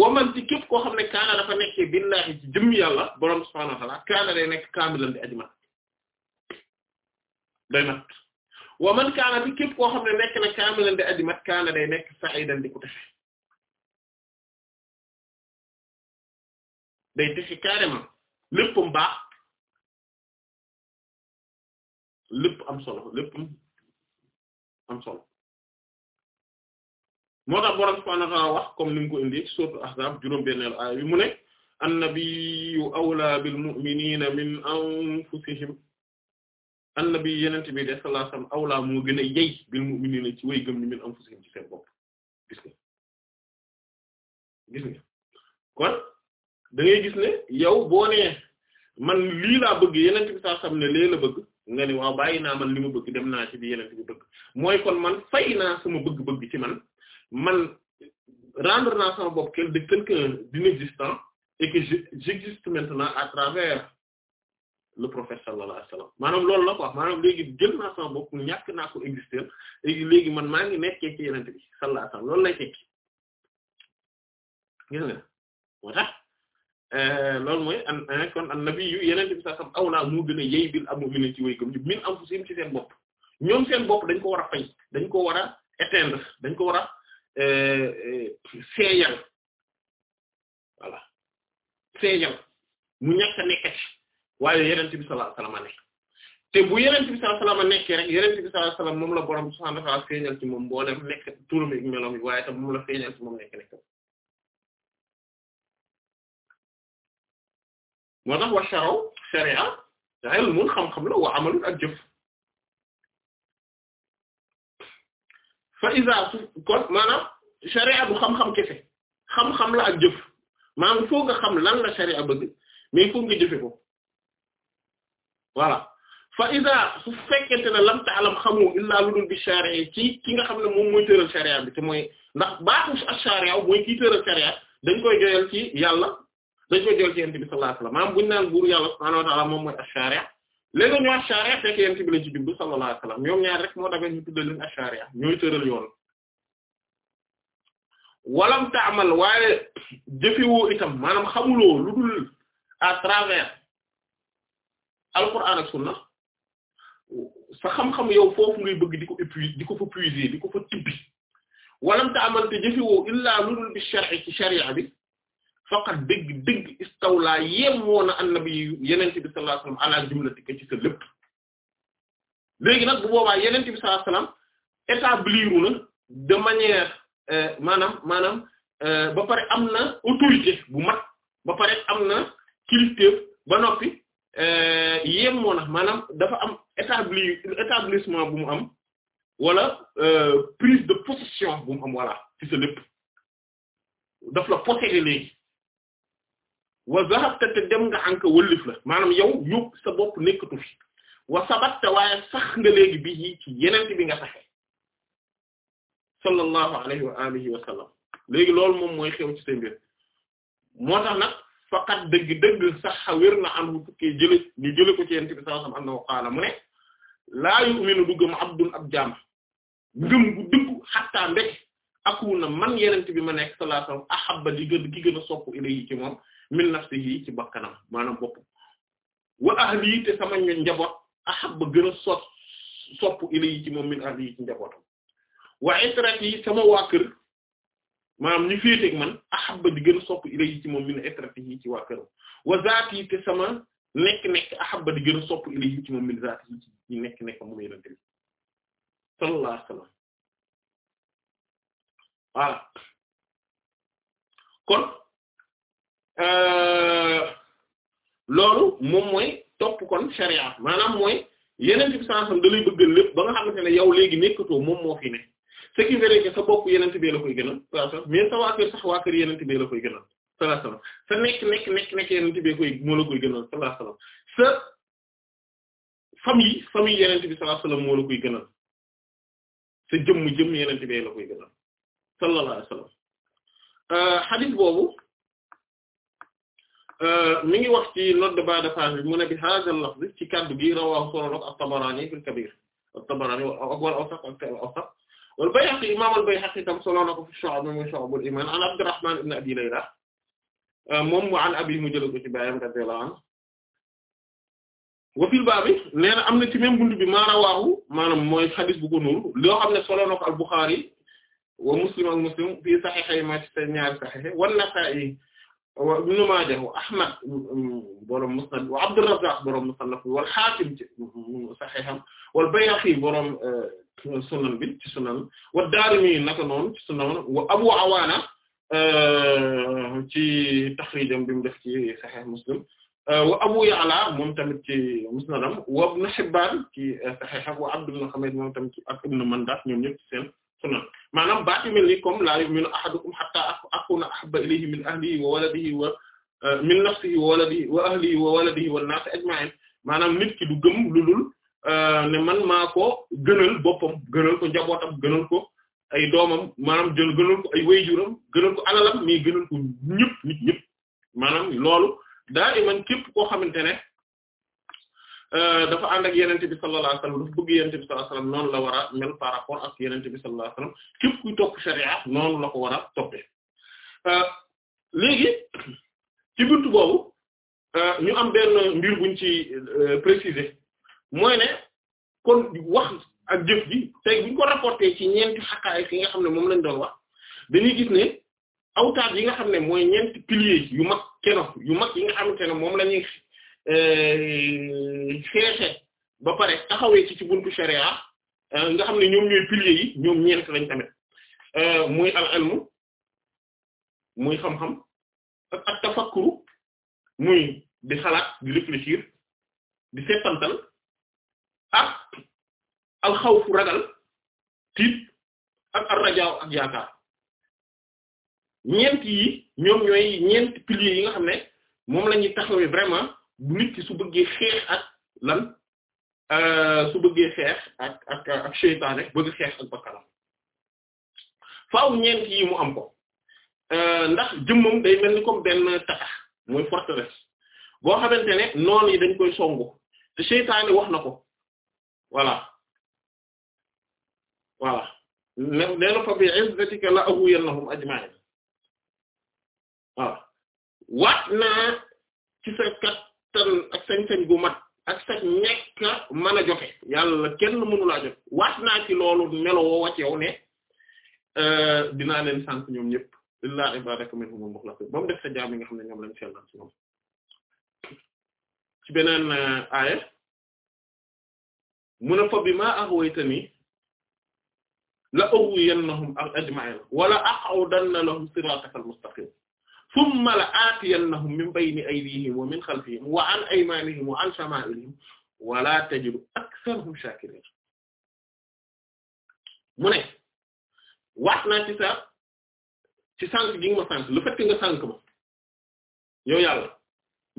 waman ci képp koo xam ne kaana dafa nekkee billaahi ci jëmm yàlla boroom subhaanahu wa ta'aala kaana day nekk kaamilan di aji day mat waman kaana bi képp koo xam ne nekk na kaamilan di aji mat nekk sa'iidan di ku day texe carrément léppam baax lépp am solo léppam am solo moo tax borom subhaanahu wa ta'aala wax comme ni mu ko indi sourate Ahzâb bi mu ne annabiyyu awlaa bil mu'miniina min anfusihim annabi yenent bi de sallallahu alayhi wasallam awlaa moo gën a yey bil mu'miniina ci way gëm ni min anfusihim ci seen bopp gis nga kon da gis ne yow boo nee man lii laa bëgg yenent bi saa xam ne lee la bëgg nga ni waaw bàyyi naa man li ma bëgg dem naa ci bi yenent bi bëgg mooy kon man fay naa sama bëgg-bëgg ci man man rendre naa sama bopp quel de quelqu'un d'inexistant et que j'existe maintenant à travers le prophète sallallahu alayhi wa sallam maanaam loolu la quoi maanaam léegi jël naa sama bopp ñàkk naa ko exister léegi man maa ngi nekkee ci yenente bi sallallahu alayhi wa loolu lay tekki gis nga moo tax euh, loolu mooy an kon an bi sallallahu a yey bil amu'minin ci wéy gëm ñu min anfusihim ci seen bopp ñoom seen bopp dañ ko war a fay dañ ko war a dañ ko war a seeyal euh, euh, voilà seeyal mu ñàkk a nekkati waaye yenent bi sallallahu alayhi wasallam nekk te bu yenent bi sallallahu alayhi wasallam nekkee rek yenent bi sallallahu alayhi moom la borom subhanahu wa ta'ala feeñal ci moom mboolem nekk turam ak meloom yi waaye tam moom la feeñal ci moom nekk nekk moo tax wa sharaw sharia ilmun xam-xam la wa amalun ak jëf fa isa su kon maanaam sharia bu xam-xam kese xam-xam la ak jëf maanaam foo nga xam lan la sharia bëgg mais foo nga jëfe ko voilà fa isa su fekkente ne lam ta'lam xamoo illaa lu dul bi sharia ci ki nga xam ne moom mooy tëral sharia bi te mooy ndax baatu ak sharia mooy kii tëral sharia dañ koy joyal ci yàlla dañ koy joyal ci yonent bi sallallahu alayhi wasallam maanaam buñu naan buur yàlla subhaanahu wa ta'aala moom mooy ak sharia léegi ñu ashariya fekk yent bi lañ ci bindu sallallahu alayhi wasallam ñoom ñaar rek moo daga ñu tudda leen ashariya ñooy tëral yoon walam taamal waaye jëfewoo itam maanaam xamuloo lu dul à travers alquran ak sunna sa xam-xam yow foofu ngay bëgg di ko épuiser di ko fa puiser di ko fa tibbi walam taamal te jëfewoo illaa lu dul bi shar'i ci sharia bi faqat dëgg dëgg istawla yem woon na annabi yenent bi sallallahu alayhi wasallam ala jumlati ci sa lépp léegi nag bu boobaa yenent bi sallallahu alayhi wasallam établir na de manière euh, maanaam maanaam euh, ba pare am na autorité bu mat ba pare am na kilifteef ba noppi euh, yem woon maanaam dafa am établi établissement bu mu am wala prise de possession bu mu am voilà ci sa lépp daf la posséder léegi wa zahabta te dem nga anka wëllif la maanaam yow yóbb sa bopp nekkatu fi wa sabatta waaye sax nga léegi bi yi ci yeneen bi nga saxee sallallahu alayhi wa alihi léegi loolu moom mooy xew ci seen moo tax nag faqat dëgg-dëgg sax wér na am tukkee jële ñu jële ko ci yeneen bi sallallahu alayhi wa sallam annahu qaala mu ne laa yu'minu du gëm abdun ab jaam ngëm gu dëggu xattaa mbek akuna man yeneen bi ma nekk sallallahu alayhi wa sallam ahabba li gën ki a sopp ilayhi ci moom min nafsihi ci bakkanam maanaam bopp wa ahli te sama njaboot ahabba gën a sot sopp ilay ci moom min ahli ci njabootam wa itrati sama waa kër maanaam ñu féeteeg man ahabba di gën sopp ilay ci moom min itratihi ci waa këram wa zaati te sama nekk-nekk ahabba di gën sopp ilay ci moom min zaati ci nekk-nekk moom yenente bi sallallahu alayhi wasallam voilà kon Euh, loolu moom mooy topp kon sharia maanaam mooy yeneen bi sallallahu alayhi yow léegi nekkatoo moom sa la koy gënal sallallahu sa yeneen bee la koy gënal sallallahu alayhi wasallam sa nekk nekk nekk nekk bee koy moo la koy gënal sa famille famille yeneen bi sallallahu alayhi wasallam la sa la koy euh, boobu. Euh, mi ngi wax ci note de bas de mu ne bi hadha al ci kaddu gi rawahu solo at-Tabarani fil Kabir at-Tabarani wal-Awsat wal-Bayhaqi imam al-Bayhaqi tam solo na ko fi Shu'ab muy Iman an Abdurrahman ibn Abi Layla euh, moom mu an abi mu jël wa fil baabi nee am na ci même buntu bi ma rawahu maanaam mooy xadis bu ko loo xam ne solo al-Bukhari wa Muslim ak Muslim fi sahihayhima ci ñaari sahih wa an-Nasa'i wa Ibn Maaja wa Ahmad mm, borom Musnad wa Abdurrazzaq borom Musannaf wal Haakim ci mm, Sahiham wal Bayhaqi borom eh, sunan bi ci sunan wa Daarimi naka noonu ci sunan wa Abu Awaana eh, ci taxriijam bi mu def ci Sahih Muslim eh, wa Abu Ya'la moom tamit ci Musnadam wa Ibn Hibbaan ci Sahiham wa Abd ibn Humayd moom tamit ci ak Ibn Mandat ñoom ñëpp ci seen. sunan maanaam baat yu mel ni comme laa yu'minu ahadukum hatta akuna ahabba ilayhi min ahlihi wa waladihi wa euh, min nafsihi wa waladihi wa ahlihi wa waladihi wan naasi ajma'in maanaam nit ki du gëm lu dul euh, ne man maa ko gënal boppam gënal ko njabootam gënal ko ay doomam maanaam jël gënal ko ay wayjuram gënal ko alalam mais gënal ko ñëpp nit ñëpp maanaam loolu daa iman képp koo xamante ne Euh, dafa ànd ak yenente bi sallallahu alayhi dafa bëgg yenente bi sallallahu alayhi wasallam noonu la war a mel par rapport ak yenente bi sallallahu alayhi wasallam képp kuy topp sharia noonu la ko war a toppee euh, léegi ci buntu boobu euh, ñu am benn mbir buñ ci préciser mooy ne kon wax ak jëf bi tey buñ ko rapporté ci ñeenti xaqaay yi nga xam ne moom lañ doon wax dañuy gis ne awtaat yi nga xam ne mooy ñeenti piliers yu mag keno yu mag yi nga xamante ne moom lañuy Euh, xeexe ba pare taxawee ci ci buntu sharia euh, nga xam ne ñoom ñooy piliers yi ñoom ñeent lañ tamit euh, muy al ilmu muy xam-xam ak ak tafakkuru muy di xalaat di réfléchir di settantal ak alxawfu ragal tiit ak ar rajaaw ak yaakaar ñeent yi ñoom ñooy ñeent piliers yi nga xam ne moom la ñuy taxawee vraiment nit su bëggee xeex ak lan euh, su bëggee xeex ak ak ak xeex ak bakkanam faaw ñeent yi mu am ko euh, ndax jëmmam day mel ni comme benn tata mooy forteresse boo xamante ne noonu yi dañ koy songu te seytaane wax na ko voilà voilà ne ne fa bi izzatika la aghwiyannahum ajma'in waaw waat naa ci sa kat tal ak sañ-sañ gu mat ak sa ñekk mën a joxe yàlla kenn mënu laa jot naa ci loolu melo woo wàcc yow ne euh, dinaa leen sant ñoom ñëpp illaa ibadaka minhumul mukhlasin ba mu def sa jaam yi nga xam ne ñoom lañ sellal ci ñoom ci beneen euh, aaya mu ne fa bimaa aghwaytanii la ughwiyannahum ajma'in wala aq'udanna lahum siratakal mustaqim thumma la aatiyannahum min bayni aydihim wa min xalfihim wa an aymanihim wa an shama'ilihim wa la tajidu aktharahum mu ne waat naa ci sa ci sànq gi nga ma sànq lu fekk nga sànq ma yow yàlla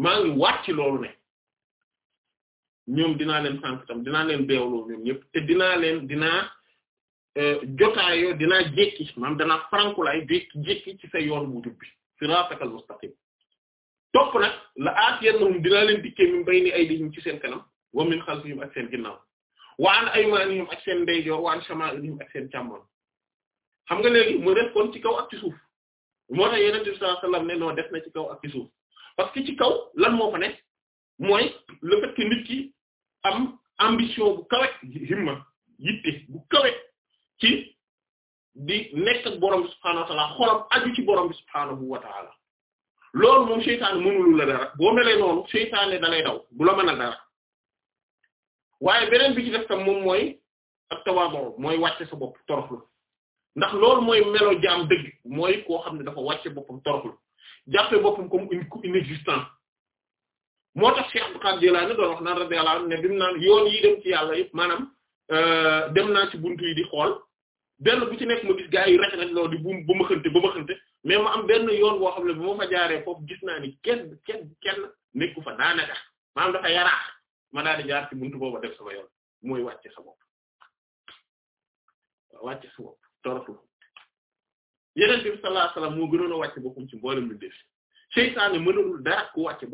maa ngi waat ci loolu ne ñoom dinaa leen sànq tam dinaa leen beewloo ñoom ñëpp te dinaa leen dinaa euh, jotaayoo dinaa jékki maanaam danaa faranku laay jékki ci sa yoon bu jub siraatakal mustaqim topp nag la aatiyannahum dinaa leen dikkee min bayni aydihim ci seen kanam wa min xalfihim ak seen ginnaaw wa an aymanihim ak seen ndeyjoor wa an shamaa'ilihim ak seen càmmoñ xam nga léegi mu def kon ci kaw ak ci suuf moo tax Yonent bi sallallahu alayhi wasallam ne noo def na ci kaw ak ci suuf parce que ci kaw lan moo fa ne mooy le fait que am ambition bu kawe himma yitte bu kawe ci di nekk ak borom bi subhaanahu wa ta'ala xolam aju ci borom bi subhaanahu wa loolu moom seytaane mënulu la dara boo melee noonu seytaane da daw du la mën a dara waaye beneen bi ci def tam moom mooy ak tawaadu mooy wàcce sa bopp toroxlu ndax loolu mooy melo jaam dëgg mooy koo xam ne dafa wàcce boppam toroxlu jàppee boppam comme inexistant moo tax Cheikh Abdou Qadir Jilani doon wax naan radiyallahu anhu ne bi mu naan yoon yi dem ci yàlla yëpp maanaam euh, dem naa ci buntu di xool benn bu ci nekk ma gis gaa yi rek rek loolu di bu ba ma xënte ba ma mais ma am benn yoon boo xam ne bu ma fa jaaree foofu gis naa ni kenn kenn kenn nekku fa daanaka maanaam dafa yaraax ma daal di jaar ci buntu booba def sama yoon mooy wàcce sa bopp wàcce sa bopp toroxlu moo gënoon a wàcce boppam ci mboolem lu def seytaane mënalul dara ku wàcce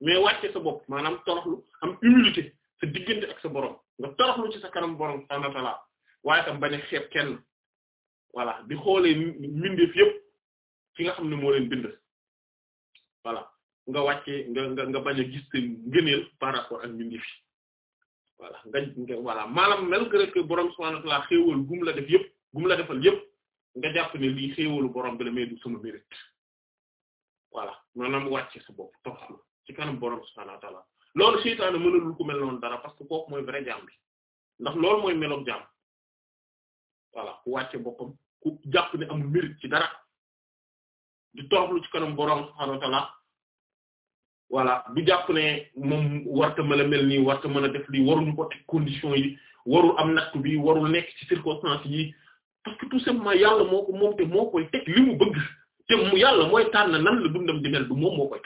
mais wàcce sa bopp maanaam toroxlu am humilité sa diggante ak sa borom nga toroxlu ci sa kanam borom subhaanahu wa ta'aala waaye tam bañ a xeeb kenn voilà di xoolee mbindeef yëpp ki nga xam ne moo leen bind voilà nga wàccee nga nga bañ a gis te ngëneel par rapport ak mbindeef yi nga nga voilà maanaam malgré que borom subhaanahu wa ta'aala xéewal gum la def yëpp gum la defal yëpp nga jàpp ne lii xéewalu borom bi la mais du sama mérite voilà maanaam wàcce sa bopp toroxlu ci kanam borom subhaanahu wa loolu seytaane mënalul ku mel noonu dara parce que kooku mooy vrai jaam bi ndax lool mooy meloom jaam voilà ku wàcce boppam ku jàpp ne am mérite ci dara di toroxlu ci kanam boroom subhaanahu wa ta'aala voilà du jàpp ne moom warta mën a mel nii warta mën a def lii waruñu ko teg conditions yi warul am natt bi warul nekk ci circonstances yi parce que tout simplement yàlla moo ko moom te moo koy teg li mu bëgg te yàlla mooy tànn nan la dundam di mel du moom moo koy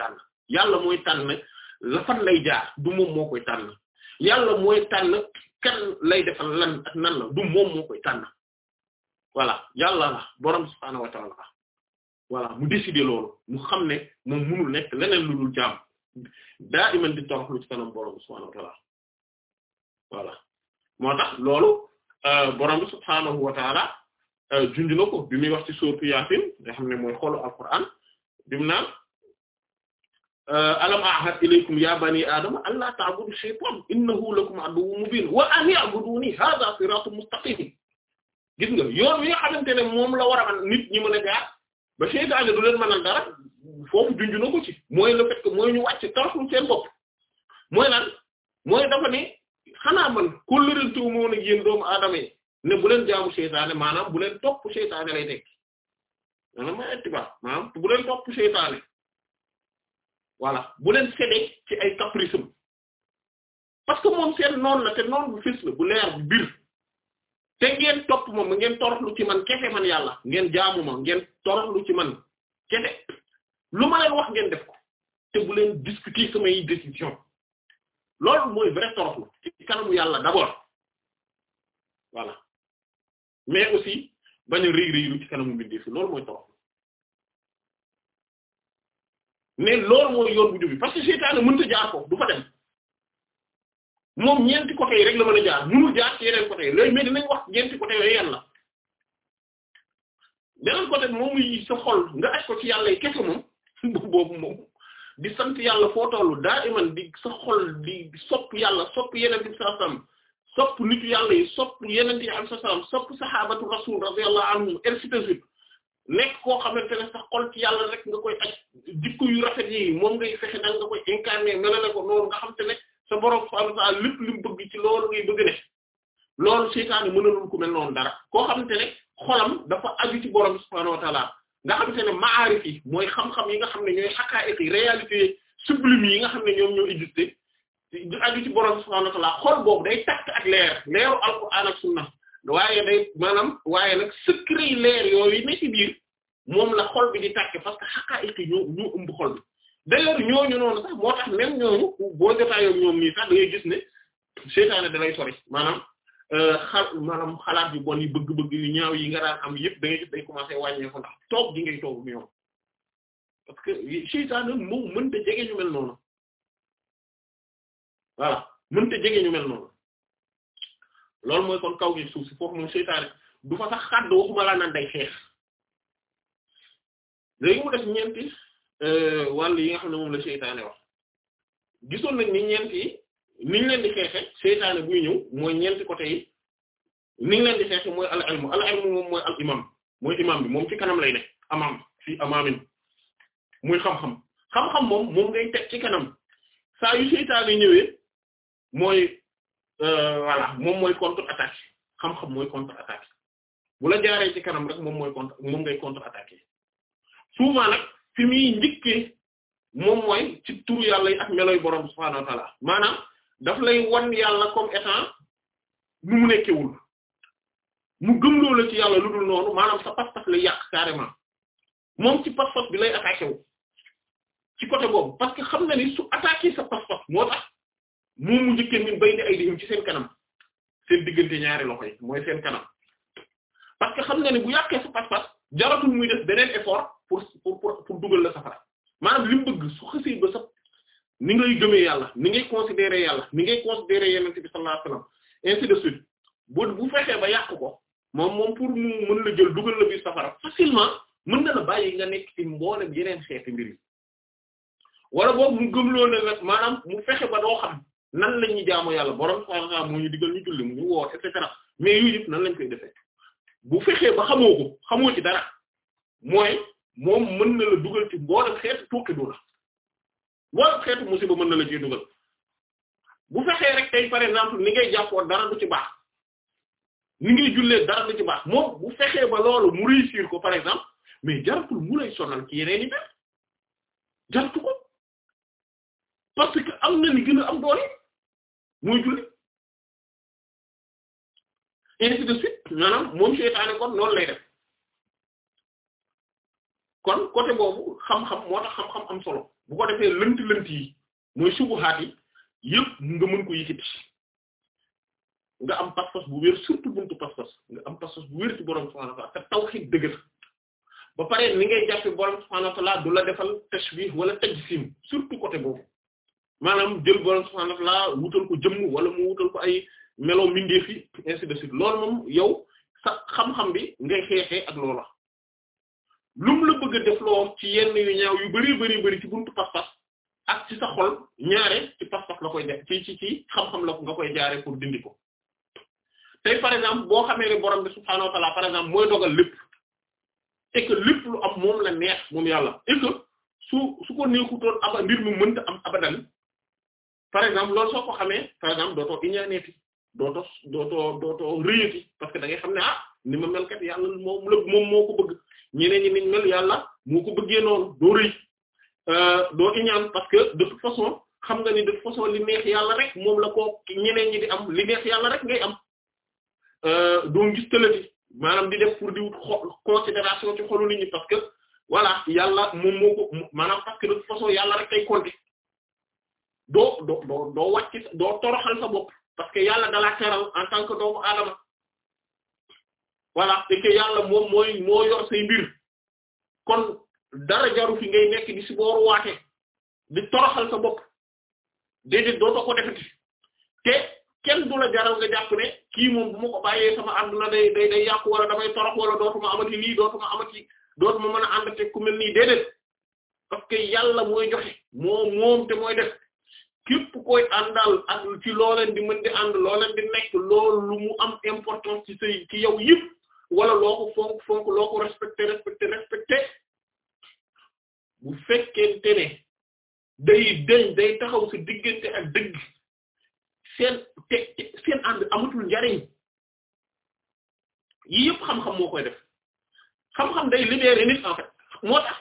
la lay jaar du moom moo koy tànn yàlla mooy tànn kan lay defal lan ak nan la du moom moo koy tànn voilà yàlla la borom subhaanahu wa ta'ala voilà xam ne moom munul nekk leneen lu dul jaam moo tax loolu euh, borom subhaanahu wa ta'ala euh, junj na ko bi muy wax ci sourate Yaasin nga xam ne mooy xolu Alquran bi mu naan. Uh, alam ahad ilaykum ya bani adama an la ta'budu shaytan innahu lakum aduwwun mubin wa an ya'buduni hadha siratun mustaqim gis nga yoon wi nga xamante moom la war a nit ñi mën a ba seytaane du leen mënal dara foofu junj ko ci mooy le fait que mooy ñu wàcc taraxul seen bopp mooy lan mooy dafa ne xanaa man kóllërante wu moon ak yéen doomu aadama yi ne bu leen jaamu seytaane maanaam bu leen topp seytaane lay nekk maanaam ma ettiba maanaam bu leen topp seytaane voilà bu leen séddee ci ay caprice parce que moom seen noonu la te noonu bu fis la bu leer bu bir te ngeen topp moom ngeen toroxlu ci man yàlla ngeen jaamu ma ngeen toroxlu ci man kese lu ma leen wax ngeen def ko te bu leen discuter samay décision loolu mooy vrai toroxlu ci kanamu yàlla d'abord voilà mais aussi bañ a réy réylu ci kanamu mbindeef loolu mooy toroxlu ne loolu mooy yoon bu jub bi parce que seytaane mënta jaar ko du fa dem moom ñeenti côté yi rek la mën a jaar mënul jaar ci yeneen côté yi léegi mais dinañ wax ñeenti côté yooyu yàlla la ko côté moom muy sa xol nga aj ko ci yàlla yi kese moom boobu moom di sant yàlla foo tollu daa iman di sa xol di sop yàlla sopp yeneen bi sa sam sopp nitu yàlla yi sop yeneen bi am sa sam sopp sahabatu rasul radiyallahu anhum et cetera nekk koo xamante ne sax xol ci yàlla rek nga koy aj jikko yu rafet yi moom ngay fexe dal nga koy incarner melale ko noonu nga te ne sa borom subhaanahu wa ta'aala lépp li mu bëgg ci loolu ngay bëgg ne loolu seytaane mënalul ku mel noonu dara koo xamante ne xolam dafa aju ci borom subhaanahu wa ta'aala nga xamante ne maarif mooy xam-xam yi nga xam ne ñooy xaqaa'iq yi réalité sublime yi nga xam ne ñoom ñoo existé aju ci borom subhaanahu wa ta'aala xol boobu day takk ak leer leeru alxuraan ak sunna waaye day maanaam waaye nag secret leer yooyu ne biir moom la xol bi di tàkke parce que xaqaa'iq ñoo ñoo ëmb xol bi d'ailleurs ñooñu noonu sax moo tax même ñooñu boo jotaayoo ñoom nii sax da ngay gis ne seytaane da lay sori maanaam euh, xalaat yu bon yi bëgg-bëgg yu ñaaw yi nga daan am yëpp da ngay gis day commencer wàññeeku ndax toog gi ngay toog ñoom parce que seytaane moom mënta jege ñu mel noonu voilà mënta jege ñu mel noonu. loolu mooy kon kaw gi suuf si foofu moom seytaane du fa sax xàddu waxuma laa naan day xeex léegi mu def ñeenti euh, wàll yi nga xam ne moom la seytaane wax gisoon nañ ni ñeenti niñ leen di xeexe seytaane buy ñëw mooy ñeenti côté yi niñ leen di xeexe mooy al ilmu al ilmu moom mooy al imam mooy imam bi moom ci kanam lay ne amam fii amamin muy xam-xam xam-xam moom moom ngay teg ci kanam saa yu seytaane ñëwee mooy Euh, voilà moom mooy contre-attaque xam-xam mooy contre-attaque bu la jaaree ci kanam rek moom mooy contre moom ngay contre-attaquer souvent fi muy njëkkee moom mooy ci turu yàlla yi ak meloy borom subhaanahu wa ta'aala maanaam daf lay wan yàlla comme étant nu mu nekkewul mu gëmloo la ci yàlla lu dul noonu maanaam sa pas-pas lay yàq carrément moom ci pas-pas bi lay attaqué ci côté boobu parce que xam na ni su attaqué sa pas-pas moo tax. moom mu njëkkee min bay ni ay dihim ci seen kanam seen diggante ñaari loxo yi mooy seen kanam parce xam na ne bu yàqee sa pas-pas jaratul muy def beneen effort pour pour pour dugal la safara maanaam li bëgg su xasee ba sa ni ngay gëmee yàlla ni ngay considérer yàlla ni ngay considérer yenente bi sallallahu alayhi wasallam ainsi de suite bu bu fexee ba yàq ko moom moom pour mu mën la jël dugal la biir safara facilement mën na la bàyyi nga nekk ci mboolem yeneen xeeti mbir yi wala boobu mu maanaam mu fexe ba doo nan la ñuy jaamu yàlla borom subhaanahu wa ta'aala moo ñu digal ñu julli mu ñu woor et mais yooyu yëpp nan lañ koy defee bu fexee ba xamoo ko xamoo ci dara mooy moom mën na la dugal ci mboolem mën na la ciy bu fexee rek tey par exemple li ngay jàppoo dara du ci baax ni ngay jullee dara du ci baax moom bu fexee ba loolu mu réussir ko par exemple mais jaratul mu lay sonal ci yeneen i benn jaratu ko parce que am na ni gën am doole. muy julli ainsi de kon noonu lay def kon côté boobu xam-xam moo tax xam-xam am solo bu ko defee lënt-lënt yi mooy subuhaat yi yëpp nga mën ko yëkkati nga am pas-pas bu wér surtout buntu pas-pas nga am pas-pas bu wér ci borom subhaanahu nga ta'aala te tawhid dëgër ba pare ni ngay borom subhaanahu wa ta'aala du la defal tashbih wala tajsim surtout côté boobu maanaam jël borom subhaanahu wa ta'aala wutal ay melo mindeef yi ainsi de bi ngay ci yenn yu ñaaw bari bari bari la koy def koy jaare pour dindi boo xamee ne borom bi mooy dogal lépp et que lu am moom la neex moom yàlla et su ko neexutoon aba mbir mu mënta am abadan par exemple loolu soo ko xamee par exemple dootoo iñaaneeti dootoo dootoo dootoo parce que da ngay xam ne ah ni moom la moom moo bëgg ñeneen ñi mel yàlla moo ko bëggee noonu doo rëy euh, doo parce que de façon xam nga ni de façon li neex rek moom la ko ñeneen ñi di am li neex yàlla rek ngay am euh, doo gis tëlati maanaam pour di wut considération ci xolu parce que voilà yàlla moom moo ko parce que de façon yàlla rek tay compter doo doo doo doo toroxal sa bopp parce que yàlla dalaa teral en tant que doomu aadama voilà et que yàlla moom mooy moo yor say doo ko defati te kenn du la jaral nga jàpp ne kii moom bu ma sama àdduna day day day yàqu wala damay torox wala dootuma amati lii dootuma amati dootuma mën a ànd te ku nii déedéet parce que yàlla mooy joxe moom te mooy def képp koy àndal ci loo leen di mën di ànd loo nekk loolu lu mu am importance ci say ci yow yëpp wala loo ko fonk fonk loo ko respecté respecté bu fekkente ne day deñ day taxaw ci diggante ak dëgg seen te seen ànd amatul njariñ yëpp xam-xam moo koy def xam-xam day libérer nit en fait moo tax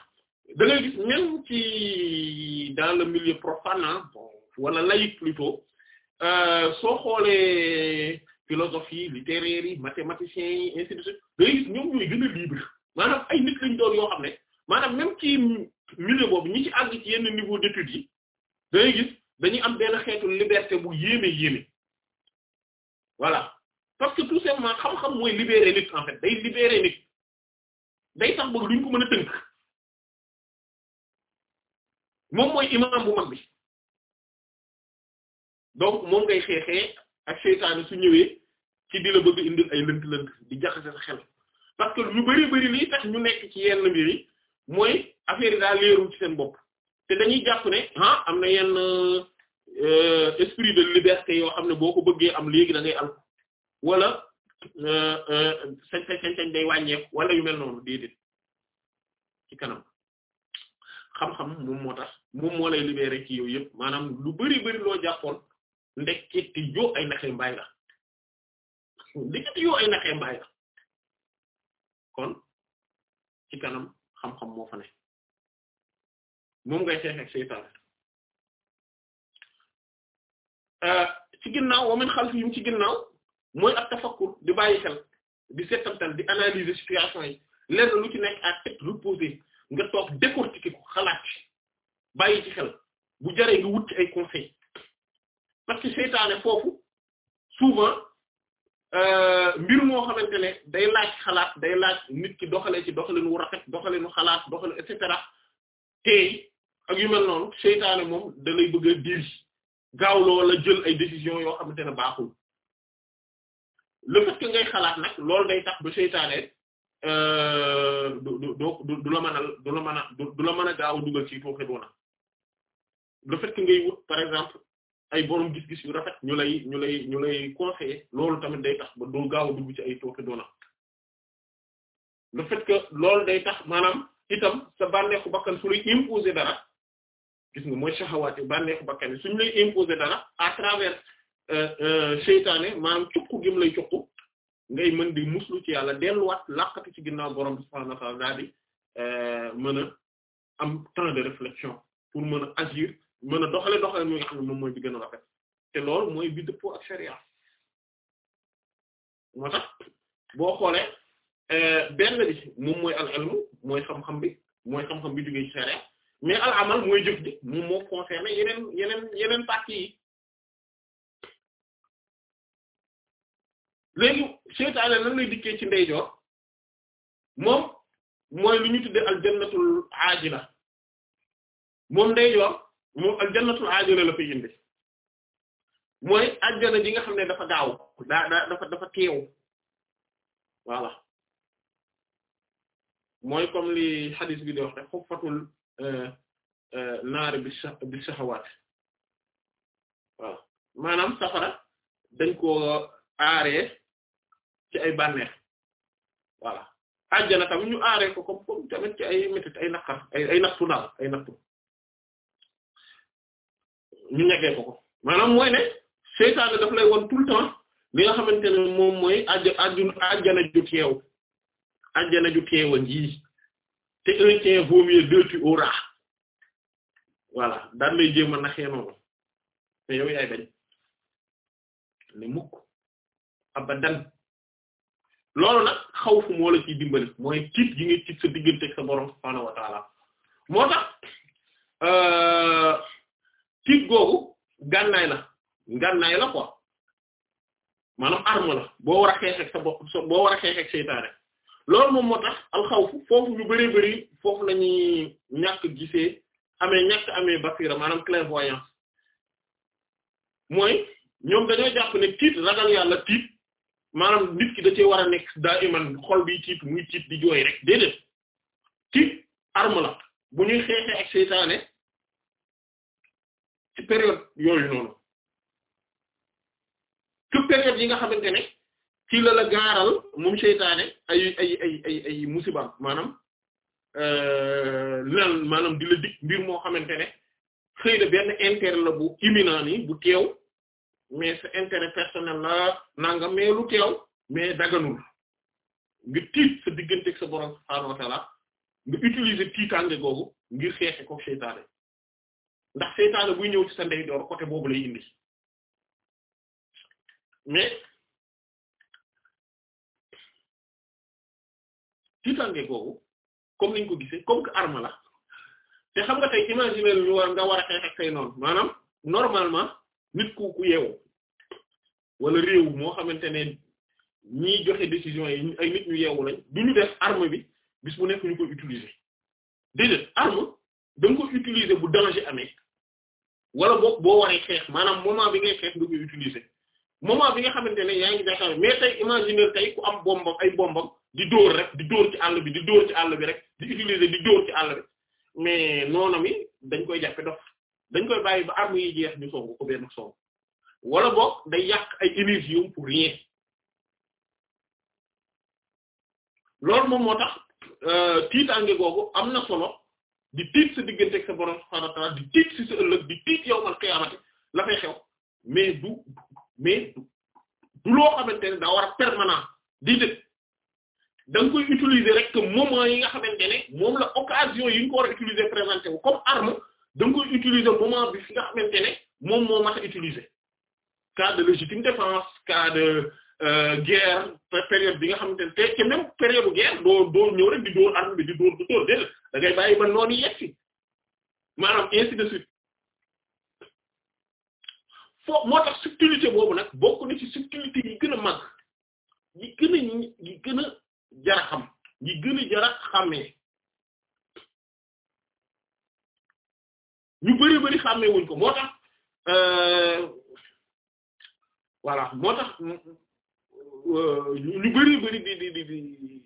da gis même ci dans le milieu profane wala laïque plutôt euh, soo xoolee philosophes yi littéraires yi mathématiciens yi ainsi day gis ñoom ñooy gën libre maanaam ay nit lañ doon yoo xam ne maanaam même ci milieu boobu ñi ci àgg ci yenn niveau d'études yi day gis dañuy am benn xeetu liberté bu yéeme yéeme voilà parce que tout simplement xam-xam mooy libérer nit en fait day libérer nit day tax bëgg duñ ko mën a tënk moom mooy imam bu mag bi donc moom ngay xeexee ak seytaane su ñëwee ci di la bëgg indi ay lënt-lënt di jaxase sa xel parce que ñu bari bari lii tax ñu nekk ci yenn mbir mooy affaire yi daa ci seen bopp te dañuy jàpp ne ah am na yenn euh, esprit de liberté yoo xam ne boo ko bëggee am léegi da ngay am wala euh, euh, sañ sañ sañ day wàññeeku wala yu mel noonu déedéet ci kanam xam-xam moom moo tax moom moo lay libéré ci yow yëpp maanaam lu bari bari loo jàppoon. ndekete yoo ay naxee mbaay la kon ci kanam xam-xam moo fa ne moom ngay xeex ak seytaane euh, ci ginnaaw mooy ak tafakkur di bàyyi xel di setantal di analyser situation yi lenn lu ci nekk à tête reposée nga toog décortiquer ko xalaat bàyyi ci xel bu jaree nga wut ay conseil parce que seytaane foofu souvent euh, mbir moo xamante ne day laaj xalaat day laaj nit ki doxalee ci doxalin wu rafet doxalinu xalaat doxalin et cetera tey ak yu mel noonu seytaane moom da lay bëgg a diri gaaw jël ay décision yoo xamante ne baaxul le fait ngay xalaat nag loolu day tax ba seytaane euh, du du du la mën du la mën du la mën a gaaw dugal ci tooxi doona le fait que ngay wut par exemple ay borom gis-gis yu rafet ñu lay ñu lay ñu lay conseiller loolu tamit day tax ba doo gaaw a dugg ci ay tooke doona le fait que loolu day tax maanaam itam sa bànneexu bakkan su lay imposer dara gis nga mooy saxawaate bànneexu bakkan yi suñ lay imposer dara à travers euh, euh, seytaane maanaam cukku gim lay cukku ngay mën di muslu ci yàlla delluwaat làqati ci ginnaaw borom subhaanahu wa ta'aala daal di euh, mën a am temps de réflexion pour mën agir mën a doxale doxale moom mooy bi gën a rafet te loolu mooy bi dëppoo ak sharia moo tax boo xoolee euh, benn bi moom mooy al moom moo concerné yeneen yeneen yeneen parties yi léegi seytaane nan dikkee ci ndeyjoor moom mooy lu ñu tudde al jannatul aajila moom ndeyjoor moom ak jannatul ajira la fay indi mooy ajjana ji nga xam ne dafa gaaw dafa teew voilà mooy comme li hadith bi di wax rek euh, euh, naar bi sa bi maanaam safara dañ koo aaree ci ay bànneex voilà ajjana tamit ñu aaree ko comme comme tamit ci ay métit ay naqar ay ay nattu ay nattu ñu ñegee ko ko maanaam mooy ne seytaane daf lay won tout temps li nga xamante ne moom mooy ajj ajju ajjana ju teew ajjana ju teewa ngi te un tien deux tu auras voilà daan lay jéem a naxee noonu te yow yaay bañ ne mukk xaw fu moo la ciy dimbali mooy gi ngay tiit sa diggante ak sa borom subhaanahu wa taala moo euh, tiit googu gànnaay la gànnaay la quoi maanaam arme la boo war a xeexeeg sa bopp boo war a xeexeeg seytaane loolu moom moo tax alxawfu foofu ñu bëree bëri foofu lañuy ñàkk gisee amee ñàkk amee basira maanaam clairvoyance mooy ñoom dañoo jàpp ne tiit ragal yàlla tiit maanaam nit ki da cee war a nekk daa iman xol bi tiit muy tiit di jooy rek déedéet tiit arme la bu ñuy xeexee ak seytaane ci période yooyu noonu ci période yi nga xamante ne ci la gaaral moom seytaane ay ay ay ay ay musiba maanaam euh, lan maanaam di la dig mbir moo xamante ne xëy na benn intérêt la bu imminent ni bu teew mais sa intérêt personnel la nanga mais lu teew mais daganul nga tiit sa diggante ak sa borom subhaanahu wa ta'ala nga utiliser tiitaange googu ngir xeexe ko seytaane ndax seytaane buy ñëw ci sa ndeyjoor côté boobu lay indi mais tiitange googu comme niñ ko gisee comme que arme la te xam nga tey imaginer lu war nga war a xeex ak noonu maanaam normalement nit ku ku yeewu wala réew moo xamante ne ñiy joxe décision yi ay nit ñu yeewu lañ du ñu def arme bi bis bu nekk ñu koy utiliser déedéet arme da nga ko utiliser bu danger amee wala boog bo waree xeex maanaam moment bi ngay xeex nga koy utiliser moment bi nga xamante ne yaa ngi jàkkaarloo mais tey imaginer tey ku am bombam ay bombam di dóor rek di dóor ci àll bi di dóor ci àll bi rek di utiliser di dóor mais noonam mi dañ koy jàppe dof dañ koy bàyyi ba arme yi jeex ñu songu ko benn songu wala boog day yàq ay énergie pour rien loolu moom moo tax euh, tiitaange googu am na solo. di tiit sa digganteeg sa borom subhaanahu wa ta'aala di tiit si sa di tiit yawmal qiyaamati la fay xew mais du mais du loo xamante ne daa war a permanent di dëkk da nga koy utiliser rek que yi nga xamante ne moom la occasion yi nga ko war présenté wu comme arme da nga koy utiliser moment bi nga xamante ne moom moo mat a utiliser cas de légitime défense cas Euh, guerre période bi nga xam ne te même période guerre doo doo ñëw rek di dóor arme bi di dóor di dóor déedéet da ngay bàyyi ba noonu yegg si maanaam ainsi suite foo moo tax subtilité boobu nag bokk na ci subtilité yi gën a mag yi gën a yi gën a jara xam gën a jara xàmmee ñu bari bari xàmmee wuñ ko moo tax euh, voilà moo tax ñu euh, bari bari di di di di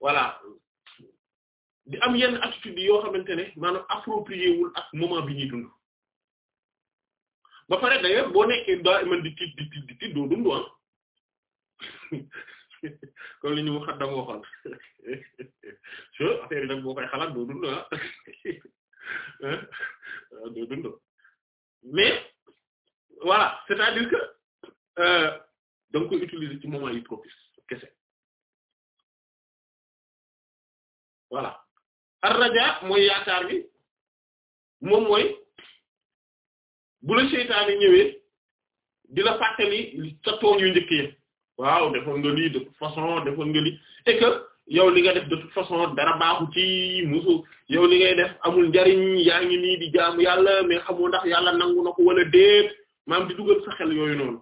voilà di am yenn attitude yoo xamante ne maanaam approprié ak moment bi ñuy dund ba pare d'ailleurs boo nekkee daa mën di tiit di doo dund ah comme li ñu wax dama waxoon je affaire yi boo koy xalaat doo dund ah euh, doo dund mais voilà c'est-à-dire euh, da nga koy utiliser ci moment yi propice kese voilà ar mooy yaakaar bi moom mooy bu la seytaane ñëwee di la sa tooñ yu njëkk waaw defoon nga de toute façon defoon nga lii et li nga def de toute façon dara baaxu ci musu yow li ngay def amul njariñ yaa ngi nii di jaamu yàlla mais xamoo ndax yàlla nangu na ko wala déet maam di dugal sa xel yooyu noonu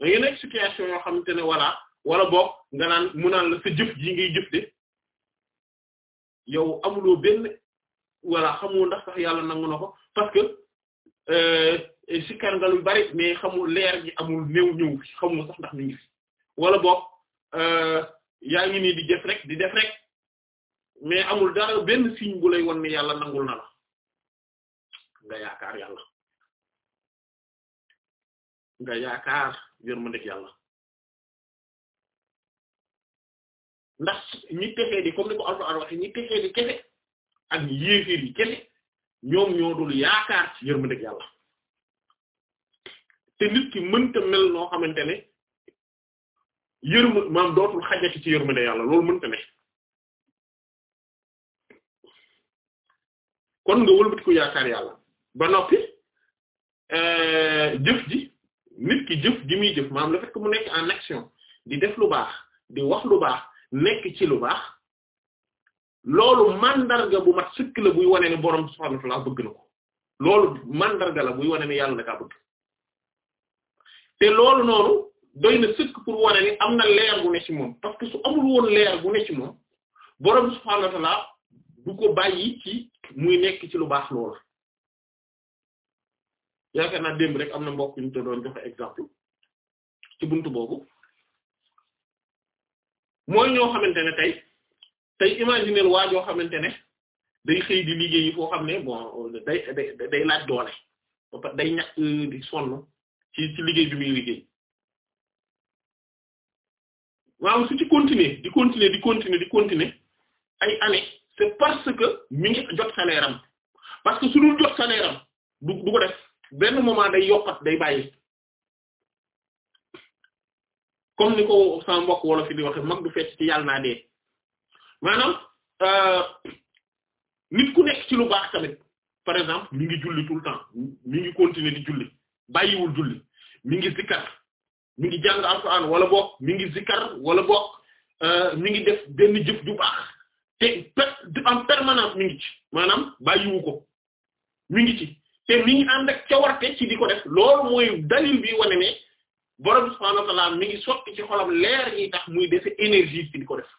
da ngay nekk situation yoo xamante ne wala wala boog nga naan mu naan la sa jëf ji ngay jëf de yow amuloo benn wala xamoo ndax sax yàlla nangu na ko parce que euh, nga lu bari mais xamul leer gi amul néew ñëw xamul sax ndax mi ngi fi wala boog euh, yaa ngi nii di def rek di def rek mais amul dara benn signe bu lay won ne yàlla nangul na la nga yaakaar yàlla nga yaakaar yërmandeeg yàlla ndax ñi texee di ni ko Alxuraan waxe ñi texee di kese ak ñi yéeféer ñoom ñoo yaakaar ci yërmandeeg yàlla te nit ki mënta mel noo xamante ne yërma maam dootul xajati ci yërmande yàlla loolu mënta ne kon nga wëlbati yaakaar yàlla ba noppi euh, jëf ji nit ki jëf gi muy jëf maanaam le fait que mu nekk en action di def lu baax di wax lu baax nekk ci lu baax loolu mandarga bu mat sëkk la buy wane ne borom subhaanahu wa ta'aala bëgg na ko loolu mandarga la buy wane ne yàlla da bëgg te loolu noonu doy na sëkk pour wane ni am na leer bu ne ci moom parce que su amul woon leer bu ne ci moom borom subhaanahu wa du ko bàyyi ci muy nekk ci lu baax loolu yaakaar naa démb rek am na mbokk ñu te doon joxe exemple ci buntu boobu mooy ñoo xamante ne tey tey imaginer waa joo xamante ne day xëy di liggéey yi foo xam ne bon day day day laaj doole day ñàkk euh, di sonn ci liggéey bi liggéey waaw su ci continuer di continuer di continuer di continuer ay années c'est parce que mi ngi jot salaire parce que su dul jot salaire du du ko def benn moment day yokkat day bàyyi comme ni ko sama mbokk wolof yi di waxe mag du fecc ci yàlla naa dee maanaam euh, nit ku nekk ci lu baax tamit par exemple mi ngi julli tout le temps mi ngi continuer di julli bàyyiwul julli mi ngi zikkar mi ngi jàng alxuraan wala bokk mi ngi zikkar wala bokk euh, mi ngi def benn jëf du baax te en permanence mi ngi ci maanaam bàyyiwu ko mi ngi ci te mi ngi ànd ak cawarte ci di ko def loolu mooy dalil bi wane ne borom subhaanahu wa ta'aala mi ngi sotti ci xolam leer yi tax muy dese énergie ci di ko def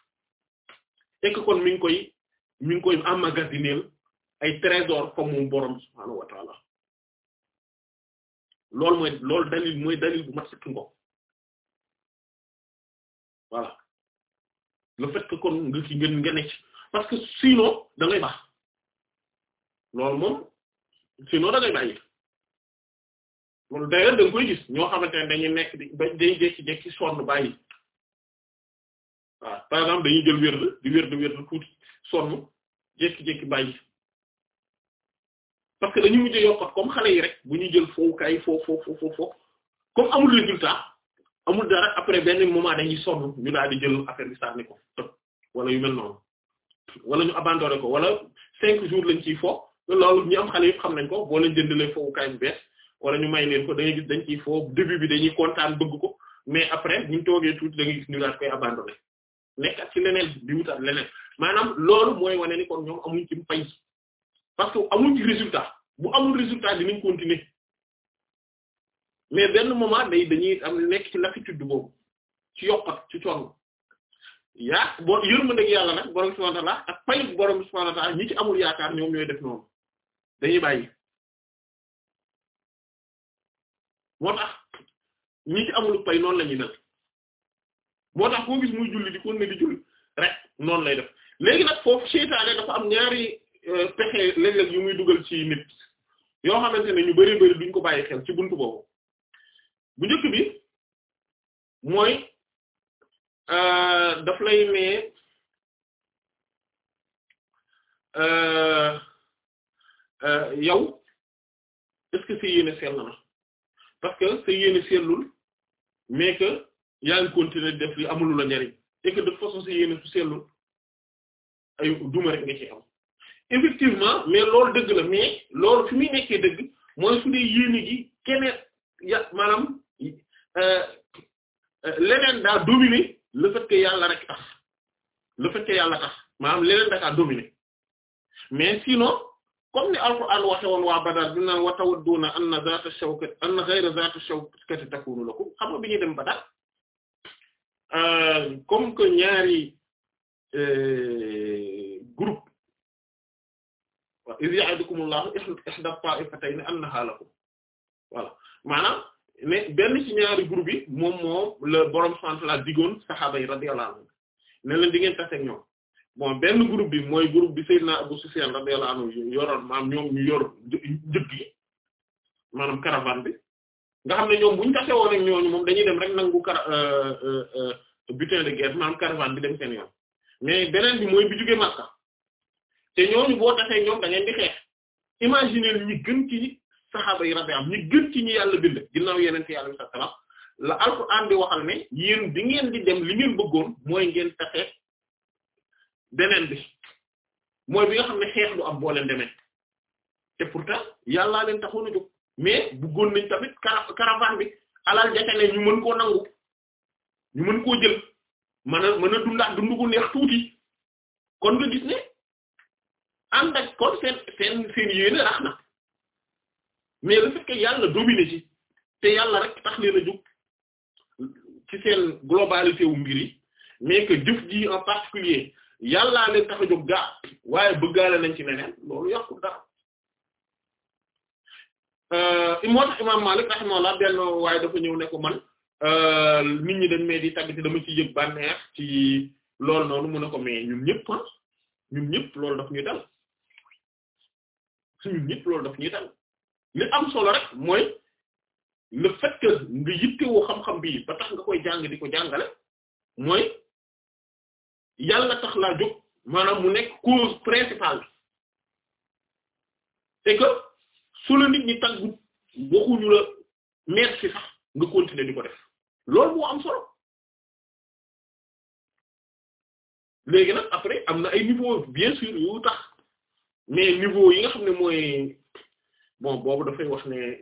et kon mi ngi koy mi ngi koy emmagasiner ay trésor comme moom borom subhaanahu wa ta'aala mooy loolu dalil mooy dalil bu mat sëkk ngo voilà le fait que kon nga ci ngeen nga nekk parce que sinon da baax loolu moom sinon da ngay bàyyi loolu d'ailleurs koy gis ñoo xamante dañuy nekk di day jékki-jékki sonn bàyyi waaw par exemple dañuy jël wér di wér di wér di tuuti sonn jékki-jékki bàyyi parce que dañu jël fowukaay foof foof comme amul résultat amul dara après benn moment dañuy sonn ñu daal di jël affaire bi sànni ko wala yu mel noonu wala ñu abandonné ko wala cinq jours lañ ciy fo loolu ñi am xale yëpp xam nañ ko boo leen jëndalee fowukaay bu bees wala ñu may leen ko da gis dañ ciy foofu début bi dañuy kontaan bëgg ko mais après ñu toogee tuuti da ngay gis ñu daal koy abandonné nekkat ci leneen bi di wutaat leneen maanaam loolu mooy wane ni kon ñoom amuñ ci pay parce que amuñ ci résultat bu amul résultat dinañ continuer mais benn moment day dañuy am nekk ci lassitude boobu ci yokkat ci coono yaa bo yërmandeeg yàlla nag borom subhanahu wa ñi ci amul yaakaar ñoom dañuy bàyyi moo tax ñi ci amul pay noonu la ñuy moo tax koo gis muy julli di ko ne di julli rek noonu lay def léegi nag foofu seytaane dafa am ñaari euh, pexe léeg-léeg yu muy dugal ci nit yoo xamante ne ñu bari bari duñ ko bàyyi xel ci buntu boobu bu njëkk bi mooy euh, daf lay nee euh, Euh, yow est sa yéene sell na parce que sa yéene sellul mais que yaa ngi continuer def li amul la njariñ et que façon sa yéene su sellul ay duma rek nga ci effectivement mais loolu dëgg la mais loolu fi muy nekkee dëgg mooy su dee yéene gi keneen ya maanaam euh, euh, leneen daa dominer le fait que yàlla rek tax le fait que yàlla tax maanaam leneen da kaa mais sinon comme ni alquran waxe woon waa Badar bi naan wa tawadduuna anna zaata shawkat anna ghayra zaata shawkat takunu lakum xam nga dem Badar euh, comme que ñaari euh, groupe wa iz ya'idukumullahu ihda ta'ifatayn annaha lakum voilà maanaam mais benn ci ñaari groupe yi moom moo le borom sant la digoon saxaaba yi radiyallahu ne leen di ngeen tase bon benn groupe bi mooy groupe bi Seydina Abu Sufyan maam ñoom ñu yor njëg gi maanaam caravane bi nga xam ne ñoom bu ñu tase ak ñooñu moom dañuy dem rek nangu cara euh, euh, euh, butin de bi dem seen yoon mais beneen bi mooy bi jugee Makka te ñooñu boo tasee ñoom da di xeex imaginer ñi gën ci saxaaba yi radiyallahu ñi gën ci ñi yàlla bind ginnaaw yeneen ci yàlla bi sallallahu alayhi wasallam la Alxuraan di waxal ne yéen bi ngeen di dem li ngeen bëggoon mooy ngeen tase beneen bi mooy bi nga xam ne xeex lu am boo leen te pourtant yàllaa leen taxoon a jóg mais bëggoon nañ tamit cara caravane bi alal jafe ñu mën koo nangu ñu mën koo jël mën a mën dundu gu neex tuuti kon nga ne ànd ak kon seen seen seen rax na mais le fait yàlla dominé ci te yàlla rek tax leen a jóg ci seen globalité wu mbir yi mais que jëf ji en particulier yàlla leen tax a jóg gaa waaye bëggaale nañ ci neneen loolu yàqul dara euh, moo tax imaam Maalik benn waaye dafa ñëw ne ko man euh, nit ñi dañ may di tàgg te dama ci yëg bànneex ci loolu noonu mu ne ko mais ñun ñëpp ah ñun ñëpp loolu daf ñuy dal su ñun ñëpp loolu daf ñuy dal li am solo rek mooy le fait nga yittewoo xam-xam bi ba tax nga koy jàng di ko jàngale mooy yàlla tax laa jóg maanaam mu nekk cause principale c'est que su la nit ñi tàggu waxuñu la merci sax nga continuer di ko def loolu moo am solo léegi nag après am na ay niveau bien sûr yi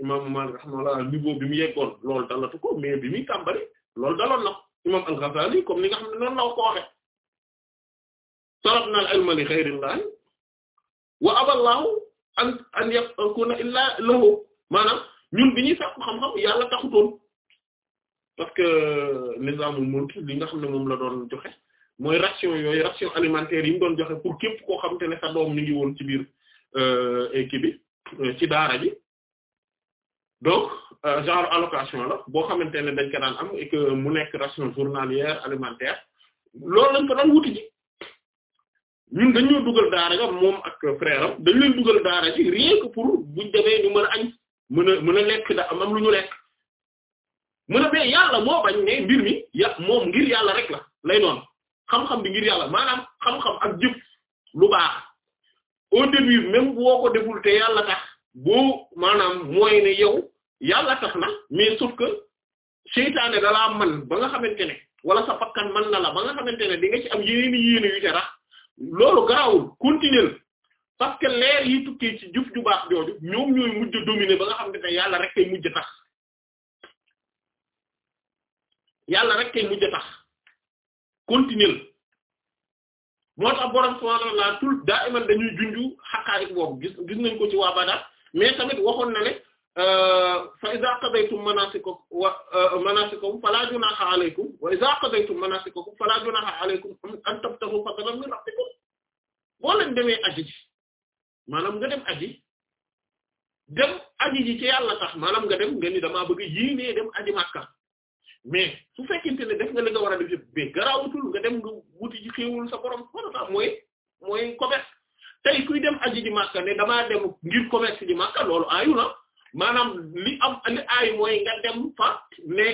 mu yeggoon loolu dalatu ko mais bi muy tàmbali loolu daloon na imam Al-Ghazali comme ni nga xam ne noonu la ko sarafna al-ilma li ghayri Allah wa aba Allah an an yakuna illa lahu maanaam ñun bi ñuy sàkku xam-xam yàlla taxutoon parce que nizaamul euh, mulk li nga xam ne moom la doon joxe mooy ration yooyu ration alimentaire yi mu doon joxe pour képp koo xamante ne sa doom ñu woon ci biir euh, kii bi euh, ci daara ji donc genre allocation la boo xamante ne dañ ko daan am et que mu nekk ration journalière alimentaire loolu lañ ko daan wuti ñun dañoo dugal daara ja moom ak frère dañ leen dugal daara ji rien que pour buñ demee ñu mën a añ mën a mën a lekk da am lu ñu lekk mën a bee yàlla moo bañ ne mbir mi ya moom ngir yàlla rek la lay noon xam-xam bi ngir yàlla maanaam xam-xam ak jëf lu baax au début même boo ko deful te yàlla tax boo maanaam mooy ne yow yàlla tax na mais sauf que seytaane dalaa man ba nga xamante ne wala sa bakkan man na la ba nga xamante ne di nga ci am yeneen i yéene loolu garawul continuer parce que leer yi tukkee ci jëf ju baax jooju ñoom ñooy mujj a dominer ba nga xam ne yàlla rek kay mujj a tax yàlla rek kay mujj a tax continuer moo tax borom subhaanahu wa ta'aala daa iman dañuy junju xaqaarik boobu gis gis nañ ko ci waa Badar mais tamit waxoon na ne Euh, fa iza qadaytum manasikakum wa euh, manasikakum fala junaha alaykum wa iza qadaytum manasikakum fala junaha alaykum an tabtahu fadlan min rabbikum boo leen demee aji ji maanaam nga dem aji dem aji ji ci yàlla tax maanaam nga dem nga ni damaa bëgg yii nee dem aji Makka mais su fekkente ne def nga li nga war a def yëpp ba garawutul nga dem nga wuti ji xéewul sa borom wala mooy mooy commerce tey kuy dem aji ji Makka ne damaa dem ngir commerce ji Makka loolu aayu na. maanaam li am li aay mooy nga dem fa ne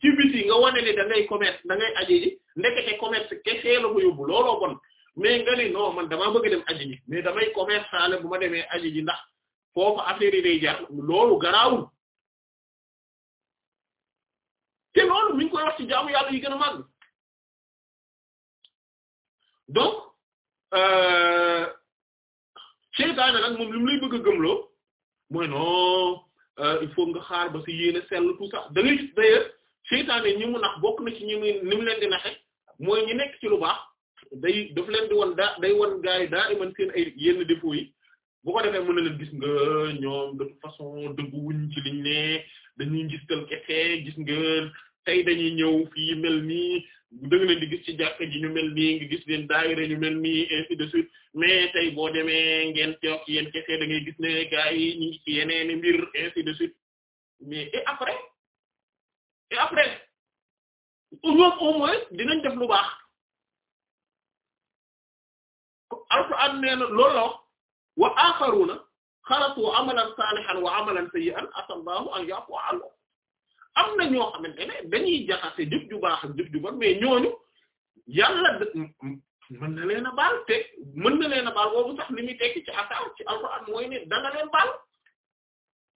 ci biti nga wane ne da ngay commerce da ngay aji ji ndekete commerce kese la ko yóbbu looloo bon mais nga ni non man damaa bëgg dem aji ji mais damay commerce saale bu ma demee aji ji ndax foofa affaire yi jar loolu garaawul te loolu mi koy wax ci jaamu yàlla yi gën a màgg donc euh, seytaane nag moom li mu lay bëgg a gëmloo mooy non euh, il faut nga xaar ba si yéene sell tout ça da ngay gis d'ailleurs seytaane ñi mu nax bokk na ci ñi muy ni leen di naxe mooy ñi nekk ci lu baax day daf leen di daa day wan gaa yi daa iman seen ay yenn défauts yi bu defee mën na leen gis nga ñoom de toute façon dëggu wuñ ci liñ ne dañuy gis tel gis nga tey dañuy ñëw fii mel nii da nga leen di ci jàkka ji ñu mel ni nga gis leen daayira ñu mel nii ainsi de suite mais tey boo demee ngeen toog yéen kese da ngay gis ne gars yi ngi ci yeneen mbir ainsi de suite mais et après et après ñoom au moins dinañ def lu baax alquran nee na loolu la wax wa axaruna xalatu amalan salihan wa amalan sayyi'an asallahu an yaqwa anhu am na ñoo xamante ne dañuy jaxase jëf ju baax ak jëf ju bon mais ñooñu yàlla mën na leen a baal te mën na leen a baal boobu sax li muy ci asaar ci alxuraan mooy ne dana leen baal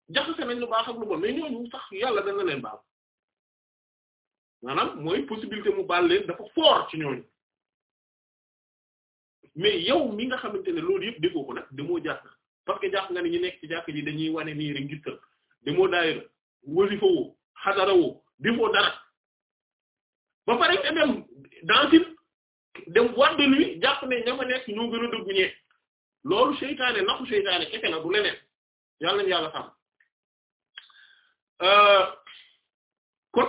jaxase nañ lu baax ak lu bon mais ñooñu sax yàlla dana leen baal maanaam mooy possibilité mu baal leen dafa fort ci ñooñu mais yow mi nga xamante ne loolu yëpp déggoo ko nag demoo jàpp parce que jàpp nga ne ñu nekk ci jàpp ji dañuy wane nii rek ngir demoo daayira wasifa xadara woo defoo dara ba pare nga dem dansin dem boîte de jàpp ne ña fa nekk gën a dëggu ñee loolu seytaane naxu seytaane keke la du leneen yàlla na yàlla xam euh, kon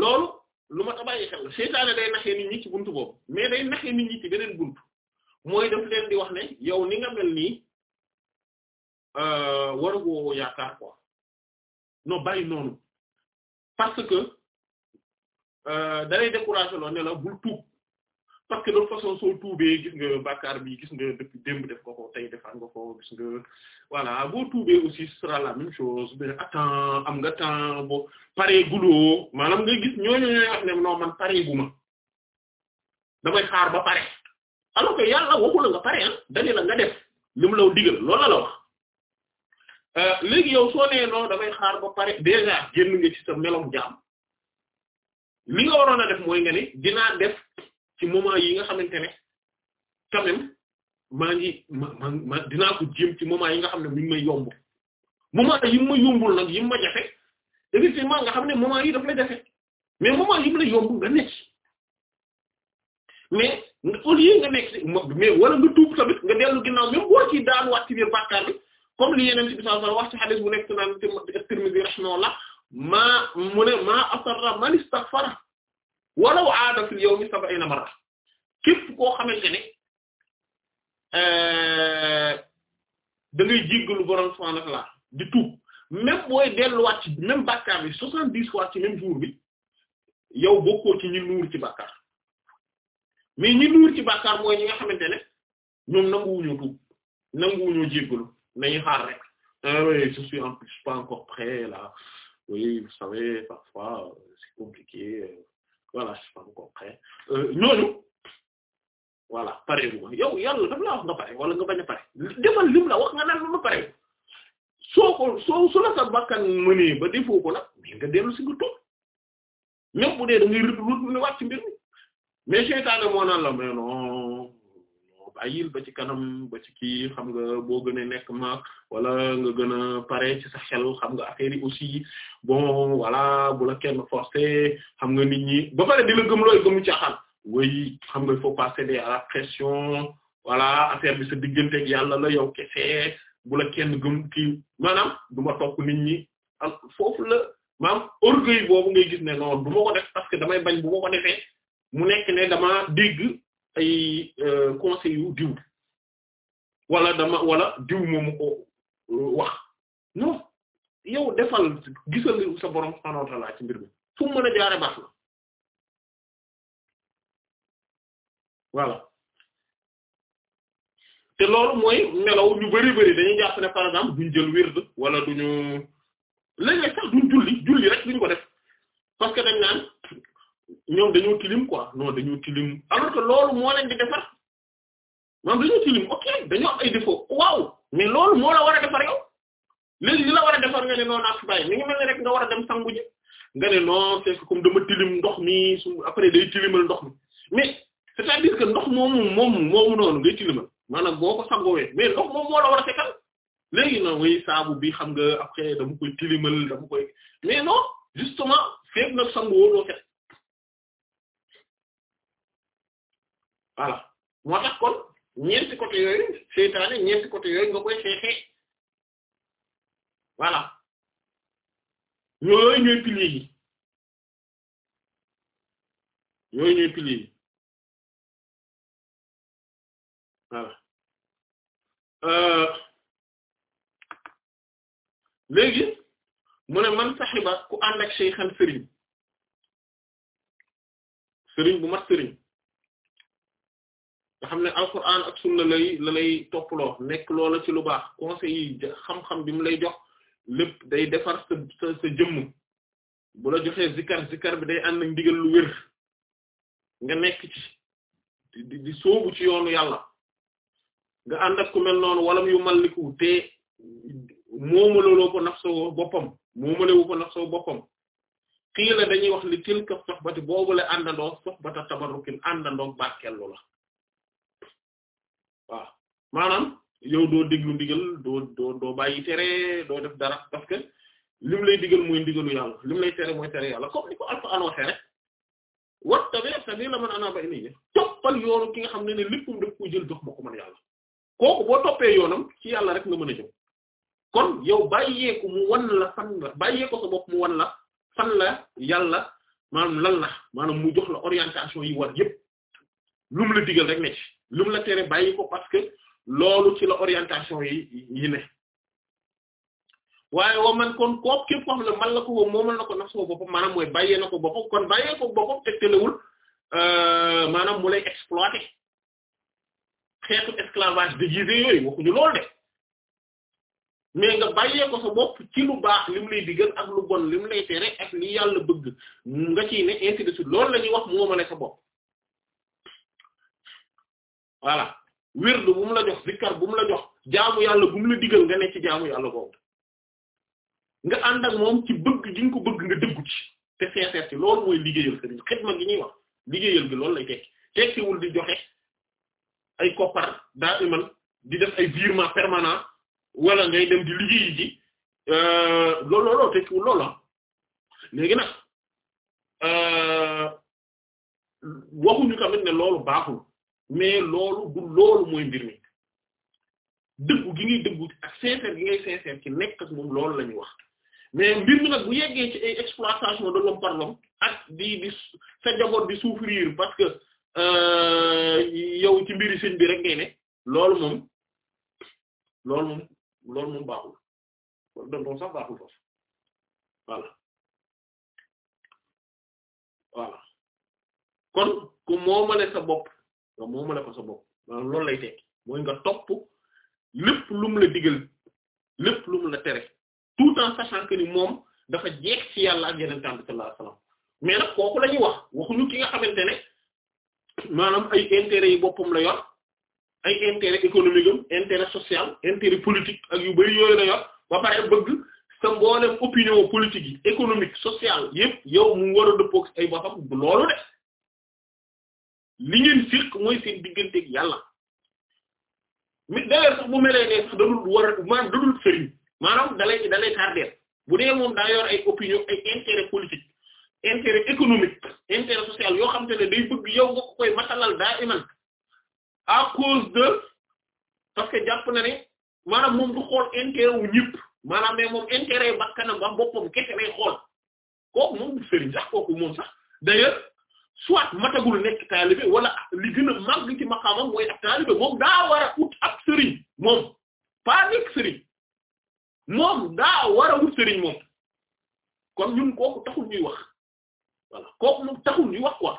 loolu lu ma tabaayee xel seytaane day naxee nit ñi ci boobu mais day naxee nit ñi beneen buntu mooy daf leen di wax ne yow ni nga mel nii euh, war a yaakaar quoi. non bàyyi noonu parce que euh, dalay découragé loo ne la bul tuub parce que de façon soo tuubee gis nga bàkkaar bi gis nga depuis démb def ko ko tey defaat nga ko gis nga voilà boo tuubee aussi ce la même chose mais attends am nga temps bo paree guloo maanaam ngay gis ñooñu ñooy wax man paree gu damay xaar ba pare alors yàlla waxu la nga pare ah dani nga def li mu law digal la wax Euh, léegi yow soo nee noonu damay xaar ba pare déjà génn nga ci sa melom jaam li nga waroon a def mooy nga ne dinaa def ci moment yi nga xamante ne quand ngi ma dinaa ko ci moment yi nga xam ne mi ngi yomb moment yi ma yombul nag yi ma jafe effectivement nga xam ne moment yi daf lay jafe mais moment yi mu la yomb nga nekk mais wala nga tuub tamit nga dellu ginnaaw même boo ci daan wax ci biir bàkkaar bi comme li yeneen bi sallallahu alayhi wa sallam wax ci xadis bu nekk naan Tirmidhi rahimahullah maa mu ne maa asarra man istaghfara walaw aada fil yawmi sab'ina marra képp koo xamante ne euh, da ngay jéggalu borom bi soixante dix fois ci même jour bi yow bokkoo ci ñi nuur ci bàkkaar mais ñi nuur ci bàkkaar mooy ñi nga xamante ne ñoom nanguwuñu tuub nanguwuñu jéggalu nañu xaar rek oui je suis pas encore prêt là oui vous savez parfois euh, c'est compliqué voilà je suis pas encore prêt euh, ñooñu voilà pare bu yow yàlla daf laa wax nga pare wala nga bañ a pare defal lim wax nga naan lu pare soo ko soo su bakkan mënee ba defoo ko nag mais nga dellu si nga tóob même bu dee da ngay rëdd rëdd ne mbir mi mais seytaane moo naan la mais non. bàyyil ba ci kanam ba ci kii xam nga boo gën nekk mag wala nga gën a pare ci sa xel xam nga affaire yi aussi bon voilà bu la kenn forcer xam nga nit ñi ba pare di la gëm looy gëmu caaxaan oui xam nga il faut pas céder à la pression voilà affaire bi sa diggante ak yàlla la yow kese bu la kenn gëm kii maanaam du ma topp nit ñi foofu la maanaam orgueil boobu ngay gis ne non bu ma ko def parce que damay bañ bu ma ko defee mu nekk ne dama dégg. ay euh, conseil yu diw wala dama wala diw moom euh, wax non yow defal gisal sa borom subhaanahu wa ta'aala ci mbir mi fu mu mën jaare baax la voilà te loolu mooy melaw ñu bari bari dañuy jàpp ne duñ jël wird wala duñu léeg-léeg sax duñ julli julli rek duñ ko def parce que naan ñoom dañoo tilim quoi non dañoo tilim alors que loolu moo leen loolu moo la war defar yow léegi la war defar nga ne noonu naa fi bàyyi mi ngi mel ne rek nga war dem sangu ji nga ne non c'est que comme dama tilim ndox mi su après day tilimal ndox mi mais c'est-à-dire que ndox moomu moomu moomu noonu ngay tilimal maanaam boo ko sangoowee mais ndox moom moo la war a fekkal léegi noonu muy saabu bi xam nga après dama koy tilimal dama koy mais non justement fépp nag sangu woo doo fet voilà moo tax kon ñeenti côté yooyu seytaane ñeenti côté yooyu nga koy xeexee voilà yooyu ñooy piliers yi yooyu ñooy piliers yi voilà euh, léegi mu man saxiba ku ànd ak Cheikhan Serigne Serigne bu mat Serigne. xam ne alquran ak sunna la lay topploo nekk loola ci lu baax conseil yi xam-xam bi mu lay jox lépp day defar sa sa sa jëmm bu la joxee zikar zikar bi day ànd ak ndigal lu wér nga nekk ci di di sóobu ci nga ànd ku mel noonu walam yu malliku te moomaloo ko naf soo boppam moomalewu ko naf soo boppam kii dañuy wax li tilka soxbati boobu la àndandoo soxbata tabarrukin àndandoo barkellu la maanaam yow doo déglu ndigal doo doo doo bàyyi tere doo def dara parce que lim lay digal mooy ndigalu yàlla lim lay tere mooy tere yàlla comme ni ko alfa anoo tere wattabi sabila man anaba ilayya toppal yoonu nga xam ne ne lépp daf ko jël jox ma ko yàlla yoonam ci yàlla rek nga mën a jëm kon yow bàyyeeku mu wan la fan la bàyyeeku sa bopp mu wan la fan la yàlla maanaam lan la maanaam mu jox la orientation yi war yépp lu la digal rek ne ci la tere bàyyi ko loolu ci la orientation yi yi ne waaye wa man kon koop képp koo xam ne la ko woo moomal na ko naf soo boppam maanaam mooy bàyyee na ko boppam kon bàyyee ko boppam tegtalewul euh, maanaam mu lay exploiter xeetu esclavage déguisé yooyu waxuñu loolu de mais nga bàyyee ko sa bopp ci lu baax li lay digal ak lu bon lim lay tere ak li yàlla bëgg nga ciy ne ainsi de loolu la ñuy wax moomale sa bopp voilà wird bu mu la jox zikkar bu mu la jox jaamu yàlla bu mu la digal nga ne ci jaamu yàlla boobu nga ànd moom ci bëgg gi nga ko bëgg nga dëggu ci te sincère ci loolu mooy liggéeyal sëriñ xidma gi ñuy wax liggéeyal gi loolu lay tekki tekkiwul di ay koppar daa iman di def ay virement permanent la euh, ah. léegi nag euh, waxuñu tamit ne loolu baaxul mais loolu du loolu mooy mbir mi dëggu gi ngay dëggu ak sincère gi ngay sincère ci nekk moom loolu la wax mais mbir mi nag bu yeggee ci exploitation de l'homme ak di di sa jaboot di souffrir parce que euh, yow ci mbiri sëñ bi rek ngay ne loolu moom loolu moom loolu moom baaxul loolu sax baaxul foofu voilà voilà kon ku moomale sa bopp nga moomale ko sa bopp maa loolu lay tekki mooy nga topp lépp lum mu la digal lépp lu mu la tere tout en sachant que ni moom dafa jeex ci yàlla ak yeneen temps bi sallallahu alayhi wasallam mais kooku la ñuy wax waxuñu ki nga xamante ne maanaam ay intérêts yi boppam la yor ay intérêt économique am intérêt social intérêt politique ak yu bari yooyu la yor ba pare bëgg sa mboolem opinion politique yi économique sociale yépp yow mu war a dëppoog ay boppam loolu de li ngeen fiq mooy seen digganteeg yàlla mi dalee sax bu melee ne sax dadul war a maanaam dadul sëriñ maanaam dalay dalay tardeel bu dee moom daa ay opinion ay intérêt politique intérêt économique intérêt social yoo xam te ne day bëgg yow nga daa iman à cause de parce que jàpp na ne maanaam moom du xool intérêt wu ñëpp maanaam mais moom intérêt bakkanam ba boppam kese lay xool kooku moom du sëriñ sax kooku moom sax d'ailleurs soit matagul nekk taalibe wala li gën a màgg ci maqaamam mooy ab taalibe moom daa war a ut ab sëriñ moom pas nekk sëriñ moom daa war a sëriñ moom kon ñun kooku taxul ñuy wax kooku moom taxul ñuy wax quoi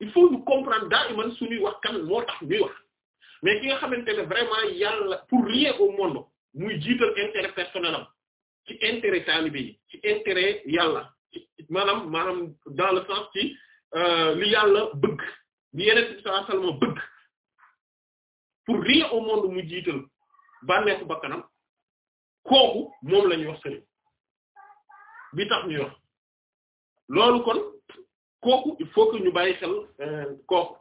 il faut ñu comprendre daa iman suñuy wax kan moo tax ñuy wax mais ki nga xamante ne vraiment yàlla pour rien au monde muy jiital intérêt personnel am ci intérêt taalibe yi ci intérêt yàlla ci maanaam dans le sens ci Euh, li yàlla bëgg li yeneen bi sallallahu alayhi wasallam bëgg pour rien au monde mu jiital bànneexu bakkanam kooku moom la ñuy sëriñ bi tax ñuy wax loolu kon kooku il faut que ñu bàyyi xel euh, kooku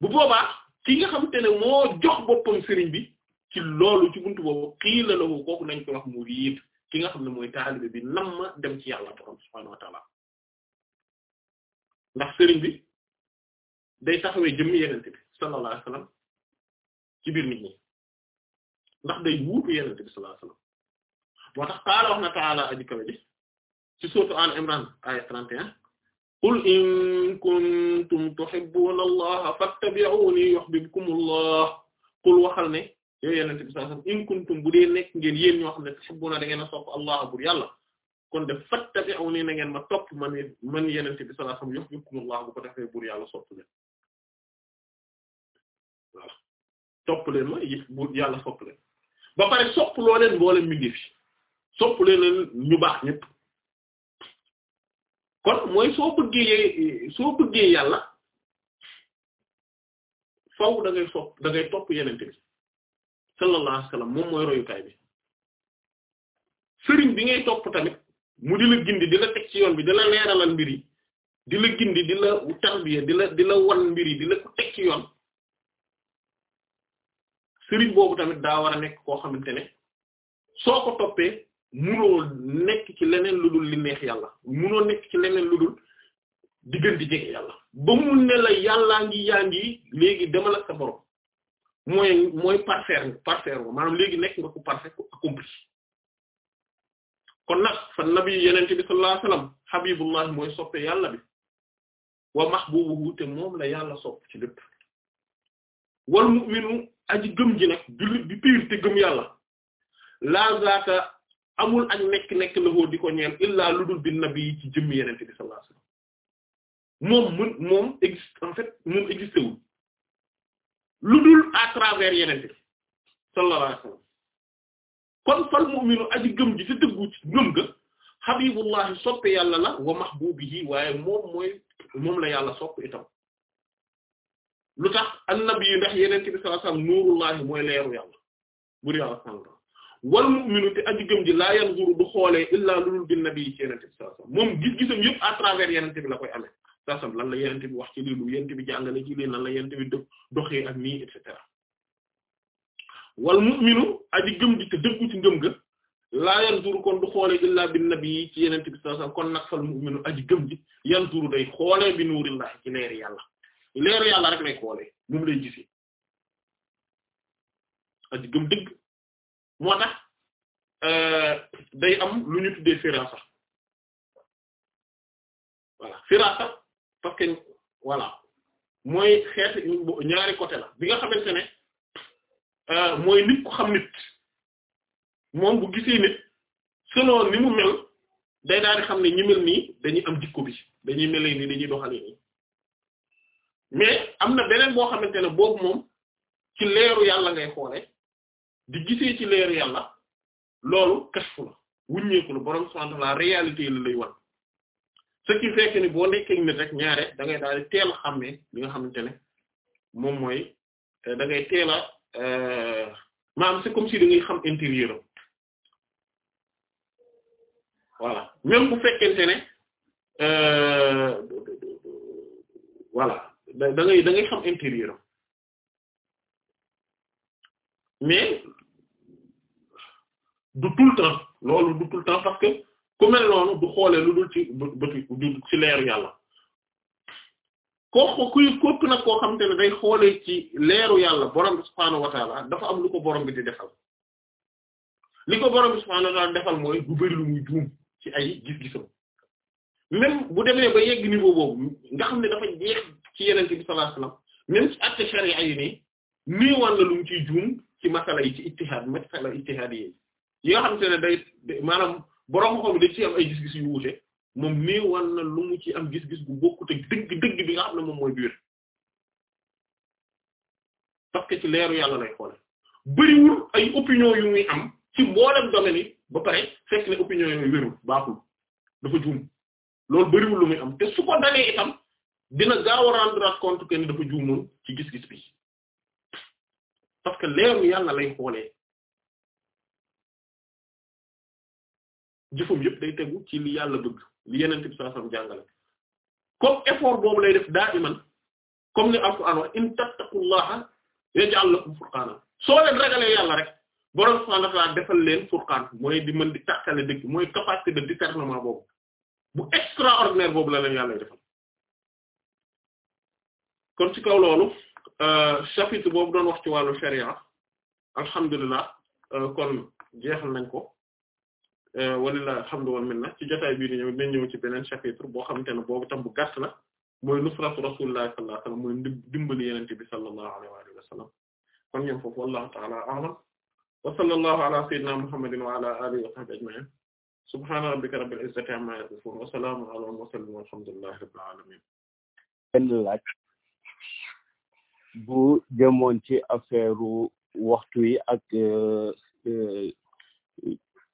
bu boobaa ki nga xamante ne moo jox boppam sëriñ bi ci loolu ci buntu boobu kii la la kooku nañ ko wax mu riit ki nga xam ne mooy taalibe bi nam ma dem ci yàlla borom subhaanahu ndax sëriñ bi day taxawee jëmmi yenente bi sallallahu alayhi wasallam ci biir ndax day wuutu yenente bi sallallahu alayhi wasallam tax taala wax na taala aji kawe ji ci sourate Al Imran aya 31 qul in kuntum tuhibbuna allaha allah qul waxal ne yow yenente bi sallallahu in kuntum bu dee nekk ngeen yéen ñoo xam ne tuhibbuna da ngeen a sopp allah bur yàlla kon def fattabi'uni na ngeen ma topp man man yenente bi sallallahu alayhi wasallam yuhibbukumullah bu ko defee buur yàlla sopp leen waaw sopp leen ma yi buur yàlla sopp leen ba pare sopp loo leen mbooleen mi ngi fi sopp leen ñu baax ñépp kon mooy soo bëggee soo bëggee yàlla faw da ngay sopp da ngay topp yenente bi sallallahu alayhi wasallam moom mooy royukaay bi sëriñ bi ngay topp tamit mu di la gindi di la teg ci yoon bi di la leeralal mbir yi di la gindi di la tarbiya di la di la wan mbir yi di la ko teg ci yoon sëriñ boobu tamit daa war a nekk koo xamante ne soo ko toppee munoo nekk ci leneen lu dul li neex yàlla munoo nekk ci leneen lu dul di jege yàlla ba mu ne la yàllaa ngi yaa ngi léegi dama la sa borom mooy mooy parfaire parfaire maanaam léegi nekk nga ko parfait accompli kon nag fa nabi yenente bi sallallahu alayhi wasallam mooy soppe yàlla bi wa mahbubuhu te moom la yàlla sopp ci lépp wal mu'minu aji gëm ji nag jullit bi piir te gëm yàlla la zaata amul ak nekk-nekk lahoo di ko ñeen illaa lu dul bi nabi ci jëmmi yenente bi sallallahu alayhi moom moom existe en fait moom existé wul lu dul à travers yenente bi sallallahu kon fal mu'minu aji gëm ji te dëggu ci gëm ga habibullahi yàlla la wa mahbubihi waaye moom mooy moom la yàlla sopp itam lu tax annabi ndax yeneen ci bi sallallahu alayhi mooy leeru yàlla bur yàlla sànga wal mu'minu te aji gëm ji laa yanzuru du xoolee illaa lulul bin nabi ci yeneen ci bi sallallahu alayhi wasallam moom gis-gisam yëpp à travers yeneen bi la koy amee sallallahu alayhi lan la yeneen bi wax ci lii lu yeneen bi jàngale ci lii lan la yeneen bi doxee ak nii et cetera wal mu'minu aji gëm ji te dëggu ci ngëm ga laa yanzuru kon du xoole illaa bin nabi ci yeneen bi sallallahu alayhi kon nag fal mu'minu aji gëm ji yanzuru day xoole bi nuurillahi ci leeru yàlla leeru yàlla rek lay xoole moom lay gisee aji gëm dëgg moo tax euh, day am lu ñu tuddee firasa voilà firasa parce que voilà mooy xeet ñaari côté la bi nga xamante ne Euh, mooy nit ku xam nit moom bu gisee nit selon ni mu mel day daal xam ne ñi mel nii dañuy am jikko dañuy melee nii dañuy doxalee nii mais am na beneen boo xamante ne boobu moom ci leeru yàlla ngay xoole di gisee ci leeru yàlla loolu kashfu la wuññeeku la borom subhanahu wa ta'ala réalité la lay wan ce qui fait ni boo nekkee nit rek ñaare da ngay daal di teel xàmmee li nga xamante ne moom mooy euh, da ngay Euh, maanaam c'est comme si da xam intérieur am voilà bu fekkente ne euh, voilà da da xam intérieur mais du tout temps loolu du tout temps parce ku mel noonu du xoolee lu dul ci bët ci leeru yàlla kooku kuy kooku nag koo xamante ne day xoolee ci leeru yàlla borom bi subhaanahu wa dafa am lu ko borom bi di defal li ko borom bi subhaanahu wa taala defal mooy bu bëri lu muy juum ci ay gis-gisam même bu demee ba yegg niveau boobu nga xam ne dafa jeex ci yeneen bi sallallahu alayhi wasallam ci acte charia yi nii nii wan la lu mu ciy juum ci masala yi ci ijtihaad masala ijtihaad yi yi xam te day maanaam borom xoom da ci am ay gis-gis yu wuute moom néewal na lu mu ci am gis-gis bu bokkute dëgg dëgg bi nga xam ne moom mooy biir parce que ci leeru yàlla lay xoole bëriwul ay opinion yu muy am ci mboolem domaine yi ba pare fekk ne opinion yooyu wérul baaxul dafa juum loolu bëriwul lu muy am te su ko dalee itam dina gaaw a rendre compte que dafa juumoon ci gis-gis bi parce leeru yàlla lay xoolee jëfum yëpp day tegu ci li yàlla bëgg li yenent bi sallallahu alayhi jàngale comme effort boobu lay def daa iman comme ni alquran wax in tattaqullaha yaj'al lakum furqana soo leen ragalee yàlla rek borom subhanahu wa ta'ala defal leen furqaan mooy di mën di tàqale mooy capacité de discernement boobu bu extraordinaire boobu la leen yàlla defal kon ci kaw loolu euh, chapitre boobu doon wax ci wàllu sharia alhamdulilah euh, kon jeexal nañ ko Euh, walillahi alhamdu wal minna ci jotaay bii di ñëw dinañ ñëw ci beneen chapitre boo xamante ne boobu tam bu gàtt la mooy nusratu rasulillahi sallallahu alayhi wasallam mooy dimbali yonent bi sallallahu alayhi wasallam kon ñoom foofu wallahu ta'ala a'lam wa sallallahu ala sayyidina muhammadin wa ala alihi wa sahbihi ajma'in subhana rabbika rabbil izzati amma yasifun wa salamun ala al mursalin walhamdulillahi rabbil alamin benn laaj bu jëmoon ci affaire waxtu yi ak euh, euh,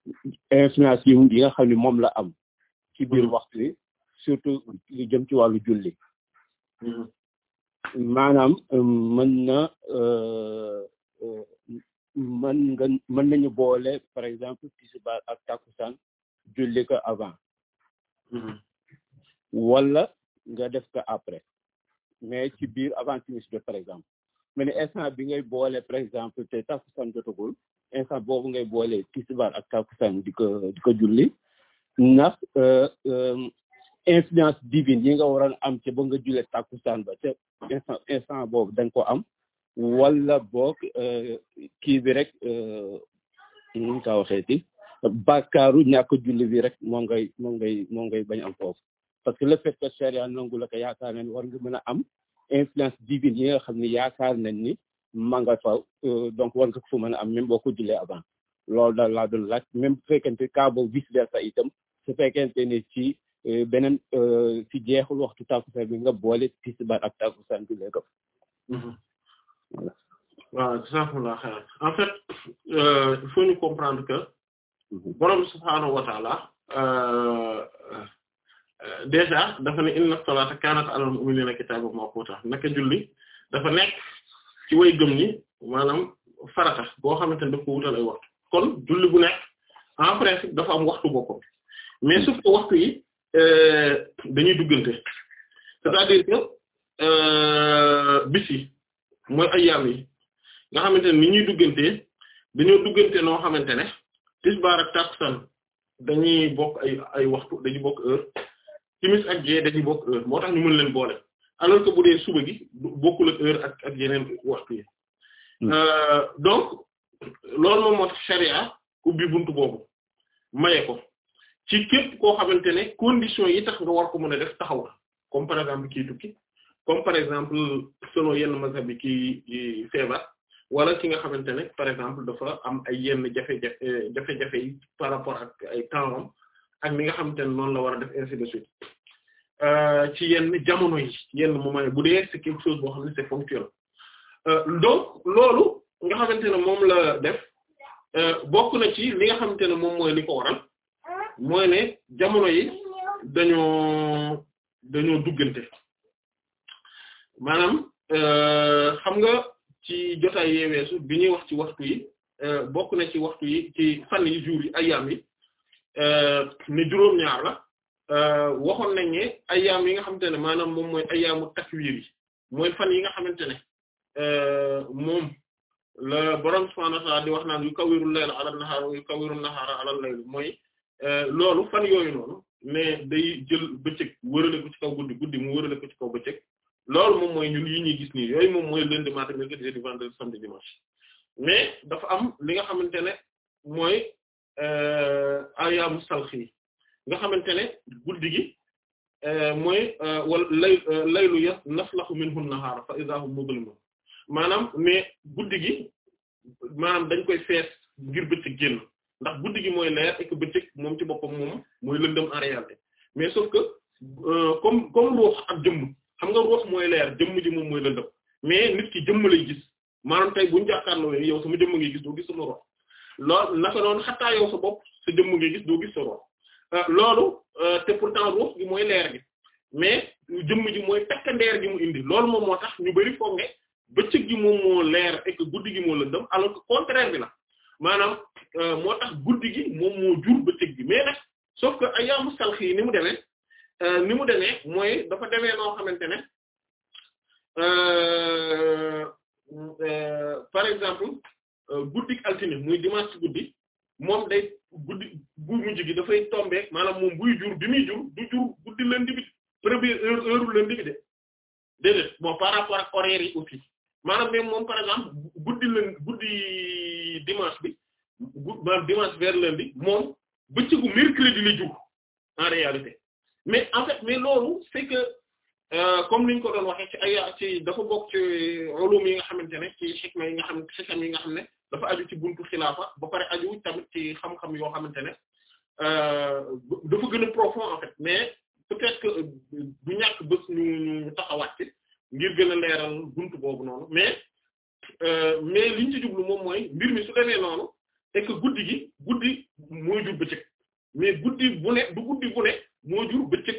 influence yahud yi nga xam ni moom la am ci biir hmm. waxtu wi surtout lu jëm ci wàllu julli hmm. maanaam euh, mën na euh, euh, mën nga mën nañu boole par exemple tisbaar ak takkusaan julli ko avant hmm. wala nga def ko après mais ci biir avant timis bi par exemple ma ne instant bi ngay boole par exemple te takkusaan jotagul instant boobu ngay boole tisbaar ak takkusaan di ko di ko julli ndax euh, euh, influence divine yi nga waroon am ca ba nga julle takkusaan ba ca instant instant boobu da nga ko am wala boog euh, kii bi rek nu ka waxeeti bàkkaaru ñàkk julli bi rek moo ngay moo ngay moo ngay bañ am foofu parce que le fait que charia nangu la ko yaakaar ne war nga mën a am influence divine yi nga xam ne yaakaar nañ ni ma nga fa euh, donc war nga ko fa am même boo ko jullee avant loolu daal laa doon laaj même bu fekkente cas boobu vice versa itam su fekkente ne ci euh, beneen euh, ci jeexul waxtu tàkkusaan bi nga boole tisbaar ak tàkkusaan bi léegi. Mhm. voilà. waaw jazakumullah xayran en il faut ñu comprendre que mhm. borom subhaanahu wa déjà dafa ne inna salata kanat alal mu'minina kitaban mawquta naka julli dafa nekk ci way gëm ñi maanaam farata boo xamante ne daf ko wutal ay waxtu kon julli bu nekk en principe dafa am waxtu boppam mais sauf que waxtu yi euh, dañuy duggante c'est-à-dire que euh, bis yi mooy ayyaam yi nga xamante ne ni ñuy duggante dañoo duggante noo xamante ne tisbaar ak takusaan dañuy bokk ay ay waxtu dañuy bokk heure timis ak gée dañu bokk heure moo tax ñu mën leen boole alors que bu suba gi bokkul ak heure ak ak yeneen waxtu yi hmm. euh, donc loolu moom moo tax charia ubbi buntu boobu maye ko ci képp koo xamante ne condition yi tax nga war ko mën a def taxaw comme par exemple ki tukki comme par exemple selon yenn mazhab bi kii feebar wala ki nga xamante ne par exemple dafa am ay yenn jafe-jafe jafe yi par rapport ak ay temps ak ni nga xamante ne noonu la war def ainsi de suite euh, ci yenn jamono yi yenn moment yi bu dee c'est quelque chose boo xam ne c'est ponctuel euh, donc nga xamante ne moom la def euh, bokk na ci li nga xamante ne moom mooy ni ko waral mooy ne jamono yi dañoo dañoo duggante maanaam xam nga ci jotaay yeeweesu bi ñuy wax ci waxtu yi bokk na ci waxtu yi ci fan yi jours yi ayam yi Euh, ne juróom-ñaar la euh, waxoon nañ ne ayyaam yi nga xamante ne maanaam moom mooy ayyaamu takwiir yi mooy fan yi nga xamante ne euh, moom la di wax naan yu kawirul layla ala nahaar yu kawirul nahaara ala mooy loolu fan yooyu noonu mais day jël bëccëg wërale ko ci guddi guddi mu wërale ko loolu moom mooy yi ñuy moom mooy lundi mardi mercredi jeudi dafa am li nga xamante ne mooy Euh, ayyaamu salxi nga xamante ne guddi gi euh, mooy euh, wala lay laylu yas naslaxu minhu nahaar fa idaa hum muzlimun maanaam mais guddi gi maanaam dañ koy fees ngir bëccëg génn ndax guddi gi mooy leer ak bëccëg moom ci boppam moom mooy lëndëm en mais sauf que comme comme ruux ak jëmm xam nga ruux mooy leer jëmm ji moom mooy lëndëm mais nit ki jëmm lay gis maanaam tey buñu jàkkaarloo yow sama jëmm ngay gis doo gis sama ruux lool naka noonu xataa yow sa bopp sa jëmm ngi gis doo gis sa ruux euh, loolu euh, te pourtant ruux gi mooy leer gi mais jëmm ji mooy takkandeer gi mu indi loolu moom moo tax ñu bari foog ne bëccëg gi moom moo leer et guddi gi moo lëndëm alors que bi la maanaam euh, moo tax guddi gi jur bëccëg gi mais nag sauf que ayyaamu salx yi ni mu demee ni mu demee mooy dafa demee noo xamante ne par exemple Euh, guddik altine muy dimanche guddi moom day guddi bu mujj gi dafay tombé maanaam moom buy jur bi muy jur du jur guddi lundi bi première heure heure lundi bi de déedéet bon par rapport ak horaire yi aussi maanaam même moom par exemple guddi lundi guddi dimanche bi maanaam dimanche vers lundi moom bëccëgu mercredi la jur en réalité mais en fait mais loolu c'est Euh, comme ñu ko doon waxee ci ay ci dafa bokk ci ulum yi nga xamante ne ci xikma yi nga xam xikam yi nga xam ne dafa aju ci buntu xilaafa ba pare aju tamit ci xam-xam yoo xamante ne euh, dafa gën a profond en fait mais peut-être que euh, du ñàkk bés ñu ñu taxawaat ci ngir gën a leeral buntu boobu noonu mais mais liñ ci jublu moom mooy mbir mi su demee noonu et guddi gi guddi mooy jur bëccëg mais guddi bu ne du guddi bu ne moo jur bëccëg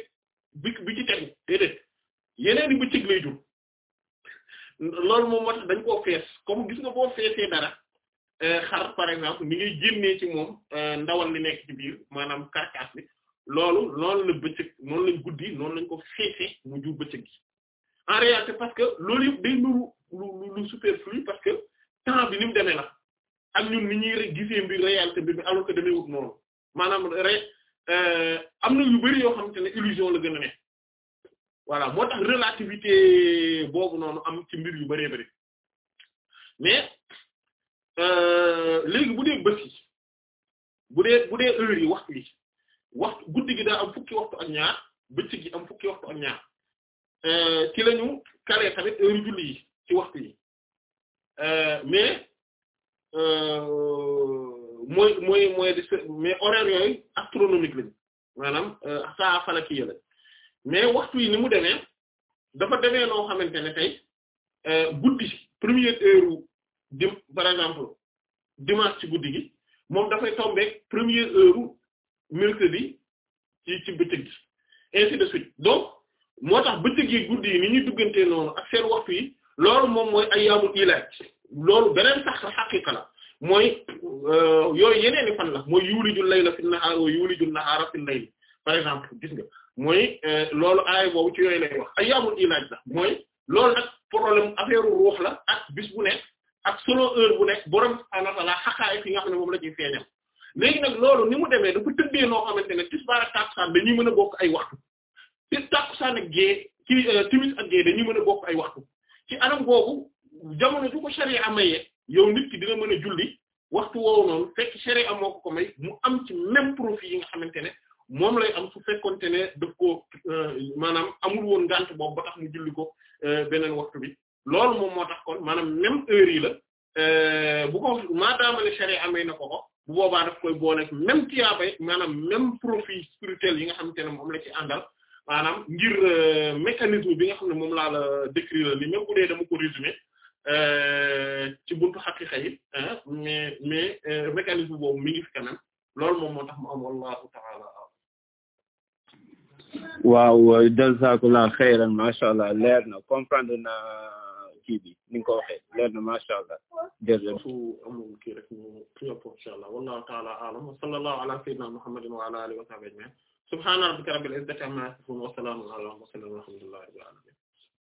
bi ci tegu déedéet yeneen i bëccëg lay jur loolu moom moo tax dañ koo fees comme gis nga boo feesee dara euh, xar par exemple ni ngay génnee ci moom euh, ndawal li nekk ci biir maanaam carcasse bi loolu noonu na bëccëg noonu lañ guddi noonu lañ ko feesee mu jur bëccëg gi en réalité parce que loolu yëpp day nuru lu lu superflu parce que temps bi ni mu demee la ak ñun ni ñuy gisee mbir réalité bi alors que demee wut noonu maanaam rek euh, am na yu bari yoo xamante ne illusion la gën a ne voilà moo tax relativité boobu noonu am ci mbir yu bëree bëri mais euh, léegi bu dee bës yi bu dee bu dee heure yi waxtu yi waxtu guddi gi daa am fukki waxtu ak ñaar bëccëg yi am fukki waxtu ak ñaar euh, ci la ñu tamit heure julli yi ci waxtu yi euh, mais mooy mooy mooy mais horaire yooyu astronomique lañu maanaam saa falaki yi mais waxtu yi ni mu demee dafa demee noo xamante ne tey euh, guddi première heure dim par exemple dimanche ci guddi gi moom dafay tomber première heure mercredi ci bëccëg gi ainsi de suite donc moo tax bëccëg yi guddi yi ni ñuy duggantee noonu ak seen waxtu yi loolu moom mooy ayyaamul ilaaj loolu beneen sax xaqiqa la mooy euh, yooyu yeneeni fan la mooy yuuliju layla fi nahaar wa yuuliju nahaara fi layl par exemple gis mooy euh, loolu aay boobu ci yooyu lay wax ay ayyaamul ilaaj la mooy loolu nag problème affaire ruux la ak bis bu ne ak solo heure bu nekk borom subhaanahu wa ta'aala xaqaay fi nga xam ne moom la ji feeñal léegi nag loolu ni mu demee dafa tëddee noo xamante ne tisbaar ak takkusaan dañuy mën a bokk ay waxtu ci takkusaan ak gée ci euh, timis ak gée dañuy mën a bokk ay waxtu ci anam boobu jamono ju ko sharia mayee yow nit ki dina mën a julli waxtu woo noonu fekk sharia moo ko may mu am ci même profit yi nga xamante ne moom lay am su fekkonte ne daf ko euh, maanaam amul woon ngànt boobu ba tax mu julli ko euh, beneen waxtu bi loolu moom moo tax kon maanaam même heure yi la euh, bu ko maadaama ne sharia amee na ko ko bu boobaa daf koy boole même tiyaaba maanaam même profit spirituel yi nga xamante ne moom la ci àndal maanaam ngir mécanisme bi nga xam ne moom laa la décrire li même bu dee dama ko résumer ci buntu xaqiqa yi mais mais mécanisme boobu mi fi kanam loolu moom moo tax mu am wallahu ta'ala waaw jazakallah xayran macha allah leer na comprendre na kii bi ni nga ko waxee leer na macha allah jërëjëf su amul kii rek ñu yópp insha allah wallahu ta'ala a'lam wa sallallahu ala sayyidina muhammadin wa ala alihi wa sahbihi ajma'in subhana rabbika rabbil izzati amma yasifun wa salamun ala al mursalin walhamdulillahi rabbil